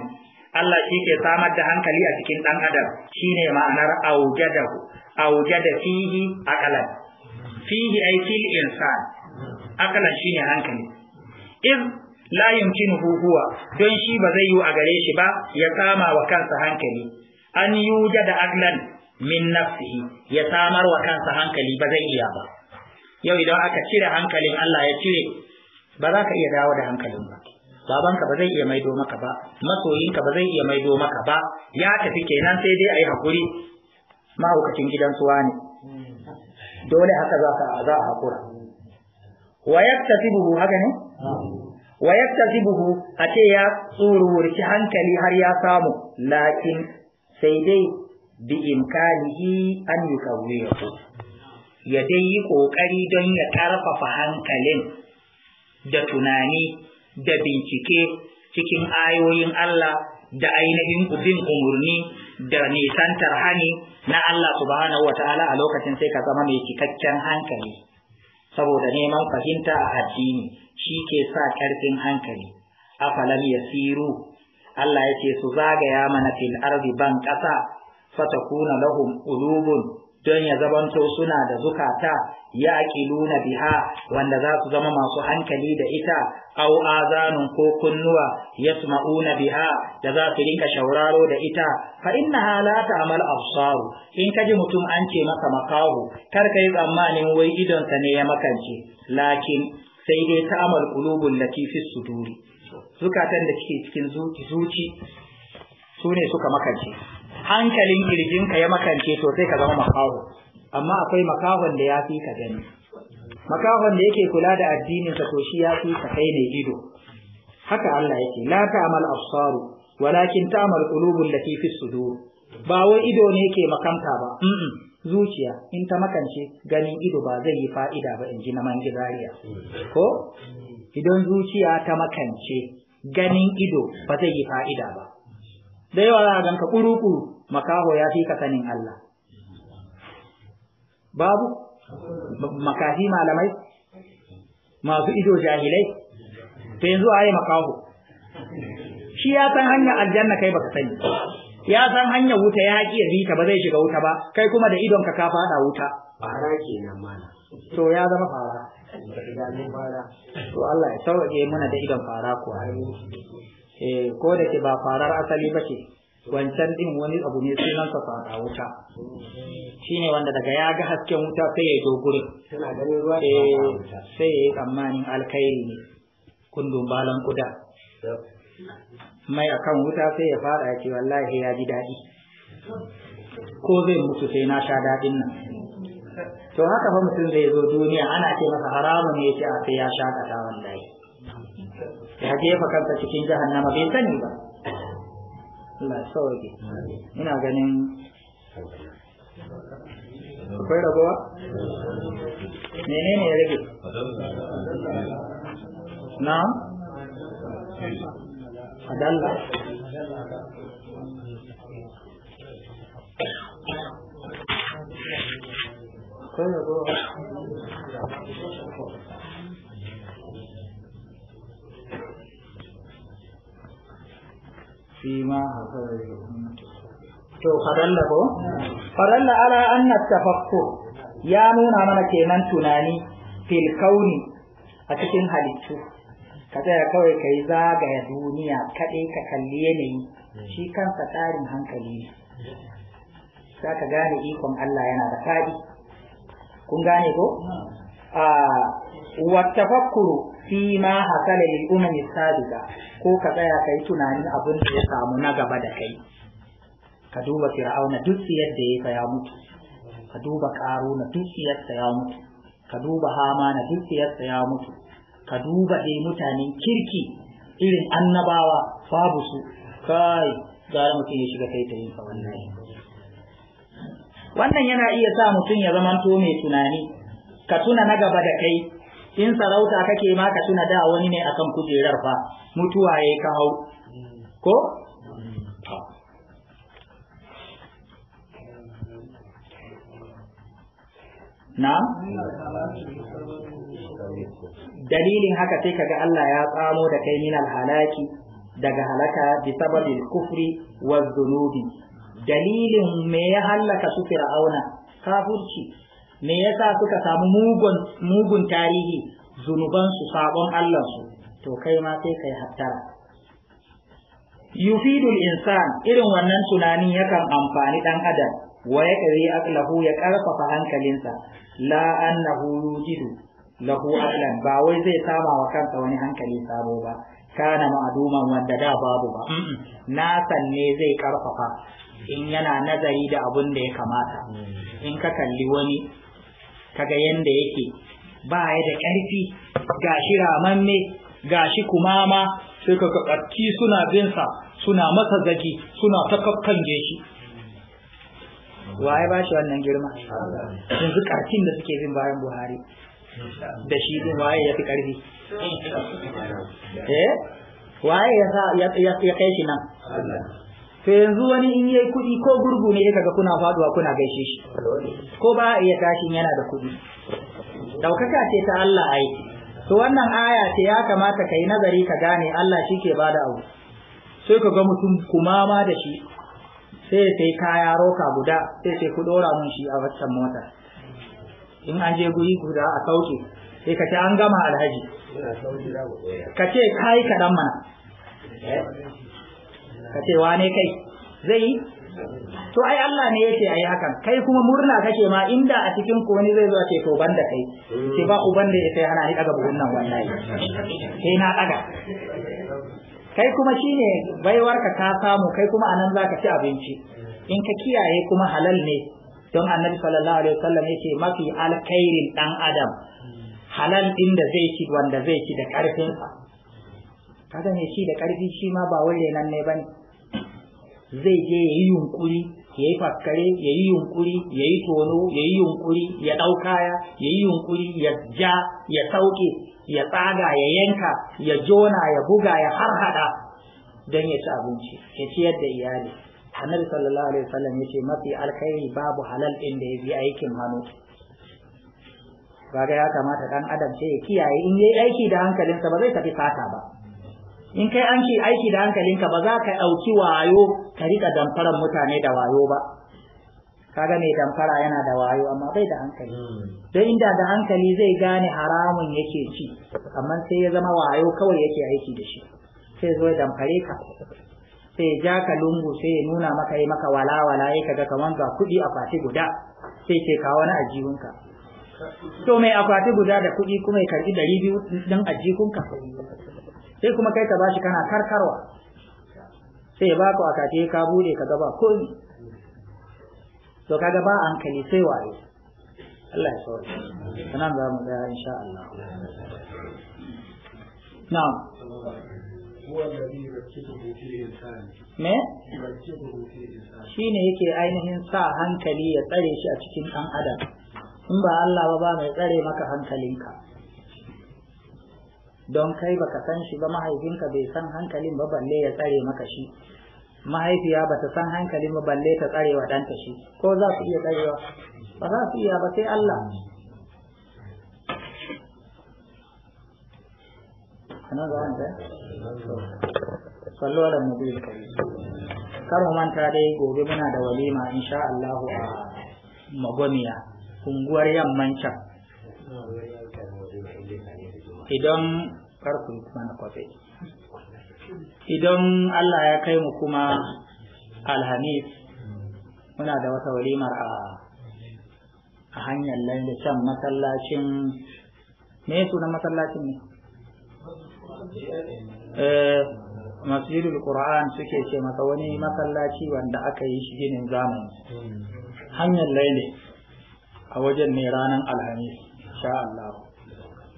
Allah shi ke samar da hankali a cikin dan adam shine ma'anar aujadahu aujada fihi aqla fihi ay fil insan aqla shine hankali iz la yumkinuhu huwa don shi ba zai yi a gare shi ba ya kama wa kansa hankali an yujada aqlan min nafsihi ya samar wa kansa hankali ba zai iya ba yau idan aka cire hankalin Allah ya cire ba za ka iya dawo da hankalin ba babanka ba zai iya maido maka ba masoyinka ba zai iya maido maka ba ya tafi kenan sai dai a yi haƙuri mahaukacin gidan suwa ne dole haka za ka za a haƙura wa yaktasibuhu haka ne wa yaktasibuhu a ce ya tsururci hankali har ya samu lakin sai dai bi imkanihi an yuqawwiyahu ya dai yi ƙoƙari don ya ƙarfafa hankalin da tunani da bincike cikin ayoyin Allah da ainihin bin umarni da nisantar hani na Allah subhanahu Ta'ala a lokacin sai ka zama mai cikakken hankali saboda neman fahimta a addini shi ke sa ƙarfin hankali afalam yasiru Allah ya ce su zagaya mana fil ardi ban ƙasa fatakuna lahum ulubun don ya zabanto suna da zukata ya biha wanda za su zama masu hankali da ita au azanun ko kunnuwa suma'una biha da za su rinka shauraro da ita fa inna la ta'mal absaru in kaji mutum an ce maka makahu kar ka yi tsammanin wai idonsa ne ya makance lakin sai dai ta'mal qulubul lati su suduri zukatan da kike cikin zuci su ne suka makance hankalin kirjinka ya makance to sai ka zama makaho amma akwai makahon da ya fi ka gani makahon da yake kula da addininsa to shi ya fi ka kai ne ido haka Allah yake la ta'mal absaru walakin ta'mal qulubul lati fi sudur ba wai ido ne yake makanta ba zuciya in ta makance ganin ido ba zai yi fa'ida ba in ji na mangizariya ko idan zuciya ta makance ganin ido ba zai yi fa'ida ba da yawa za a ganka kuru-kuru makaho ya fi ka sanin Allah babu makafi malamai masu ido jahilai to yanzu yi makaho shi ya san hanyar aljanna kai baka sani ya san hanyar wuta ya haƙi ya ba zai shiga wuta ba kai kuma da idonka ka faɗa wuta fara kenan mana to ya zama fara to Allah ya sauke muna da idon fara kuwa Eh, ko da ke ba farar asali ba ce wancan din wani abu ne sunansa fada wuta shine wanda daga ya ga hasken wuta sai ya yi dogurin eh, sai ya yi tsammanin alkairi ne Kundun balan kuda mai akan wuta sai ya fada ya ce wallahi ya ji daɗi ko zai mutu sai na sha daɗin nan to haka fa mutum zai zo duniya ana ce masa haramun ne ya ce a sai ya ƙasa wallahi ya jefa kansa cikin jahannama bai sani ba Allah ina ganin akwai rabuwa menene ya rage na adalla akwai rabuwa فيما حصل to ko ala anna ya nuna mana kenan tunani fil kauni a cikin halittu ka tsaya kawai yi zagaya duniya kaɗai ka kalli yanayi shi kansa tsarin hankali ne za ka gane ikon Allah yana da faɗi kun gane ko a ah, wa fi ma hasala lil umami sabiqa ko ka tsaya kai tunanin abin da ya samu na gaba da kai ka duba fir'auna duk yadda ya ya mutu ka duba karuna duk yadda ya mutu ka duba hama na duk yadda ya mutu ka duba dai mutanen kirki irin annabawa babu su kai gara mutum ya shiga kai ta yin wannan wannan yana iya sa mutum ya zama mai tunani ka tuna na gaba da kai in sarauta kake ma ka tuna da wani ne akan kujerar fa mutuwa yayi ka hau ko na dalilin haka sai kaga Allah ya tsamo da kai min halaki daga halaka bi kufri wa dhunubi dalilin me ya halaka su fir'auna kafirci me yasa suka samu mugun mugun tarihi zunuban su sabon Allah su to kai ma sai kai hattara al insan irin wannan tunanin yakan amfani dan adam wa yaqri aqlahu ya karfafa hankalinsa la annahu yujidu lahu aqlan ba wai zai sama wa kansa wani hankali sabo ba kana ma'aduman wanda da babu ba na ne zai karfafa in yana nazari da abun da ya kamata mm. in ka kalli wani kaga yadda yake ba ya da ƙarfi ga shi gashi ga gashi kumama sai ka ƙarfi suna bin sa suna masa zagi suna ta kakkange shi waye ba shi wannan girma yanzu ƙarfin da suke bin bayan buhari da shi din waye ya fi ƙarfi eh waye ya kai shi nan to yanzu wani in yayi kuɗi ko gurgu ne kaga kuna faduwa kuna gaishe shi ko ba iya tashi yana da kuɗi daukaka ce ta Allah ai to wannan aya ce ya kamata kai nazari ka gane Allah shike bada abu sai ka ga mutum kuma ma da shi sai sai kaya roka guda sai sai ku dora mun shi a waccan mota in an je guri guda a sauke sai ka ce an gama alhaji ka ce kai kaɗan mana eh? ka ce wane kai zai yi to ai Allah ne yake ayi hakan kai kuma murna kake ma inda a cikin ku wani zai zo ce to banda kai ce ba uban da yake ana ni daga bugun nan wallahi sai na daga kai kuma shine baiwar ka ka samu kai kuma anan zaka ci abinci in ka kiyaye kuma halal ne don annabi sallallahu alaihi wasallam yake mafi alkhairin dan adam halal din da zai ci wanda zai ci da karfin sa kada ne shi da karfi shi ma ba wulle nan ne bane zai je ya yi yunkuri ya yi fakkare ya yi yunkuri ya yi tono ya yi yunkuri ya ɗau kaya ya yi yunkuri ya ja ya sauke ya tsaga ya yanka ya jona ya buga ya harhaɗa don ya ci abinci ya ciyar da iyali annabi sallallahu alaihi wasallam ce mafi alkhairi babu halal ɗin da ya bi aikin hannu kaga ya kamata dan adam sai ya kiyaye in yi aiki da hankalinsa ba zai tafi fata ba in kai an ce aiki da hankalinka ba za ka ɗauki wayo ka rika damfaran mutane da wayo ba kaga mai damfara yana da wayo amma bai da hankali hmm. don inda da hankali zai gane haramun yake ci amma sai ya zama wayo kawai yake aiki da shi sai zo ya damfare ka sai ya ja ka lungu sai ya nuna maka yi maka walawala ya kaga kaman ga kuɗi a fati guda sai ke kawo na ajiyunka to mai akwati guda da kuɗi kuma ya karɓi ɗari biyu don ajihunka sai kuma kai ka bashi kana karkarwa sai ba ku akace ka bude ka gaba komi to kaga ba hankali sai waye Allah ya sauri sanan za mu da insha Allah na'am me shine yake ainihin sa hankali ya tsare shi a cikin dan adam in ba Allah ba ba mai tsare maka hankalinka don kai baka san shi ba mahaifinka bai san hankalin ba balle ya tsare maka shi mahaifiya ba ta san hankalin ba balle ta tsare wa ɗanta shi ko za su iya tsarewa ba za su iya ba sai Allah ana ga wanda sallu ala nabi kar mu manta dai gobe muna da walima insha Allah a magomiya unguwar yamman can idan karku na kwafe idan Allah ya kai mu kuma alhamis muna da wata walimar a hanyar lalle can masallacin me na masallacin ne eh, masjidul qur'an suke ce masa wani masallaci wanda aka yi shi ginin zamani hanyar lalle a wajen ne ranar alhamis sha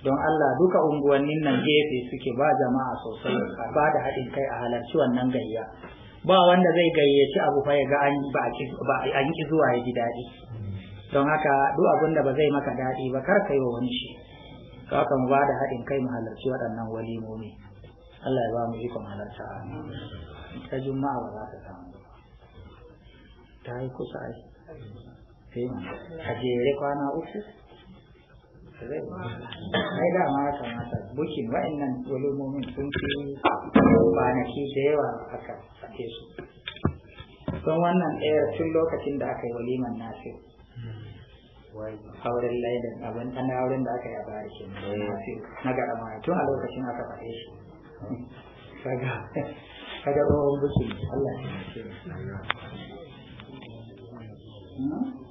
don Allah duka unguwannin nan gefe suke ba jama'a sosai a ba da haɗin kai a halarci wannan gayya ba wanda zai gayyaci abu fa ya ga an ba an ki zuwa ya ji daɗi don haka duk abin da ba zai maka daɗi ba kar ka yi wa wani shi ka kan ba da haɗin kai mu halarci waɗannan walimomi Allah ya ba mu ikon halarta ta juma'a ba za ta samu ta yi kusa ai a jere kwana uku ai da ma kamata bukin wa'annan ulumomin sun fi kwanaki da yawa aka sake su don wannan ɗaya tun lokacin da aka yi waliman nasir auren laidan abin ɗan auren da aka yi a bari ke na gaɗa amana tun a lokacin aka faɗe shi kaga tsohon bukin Allah ya ce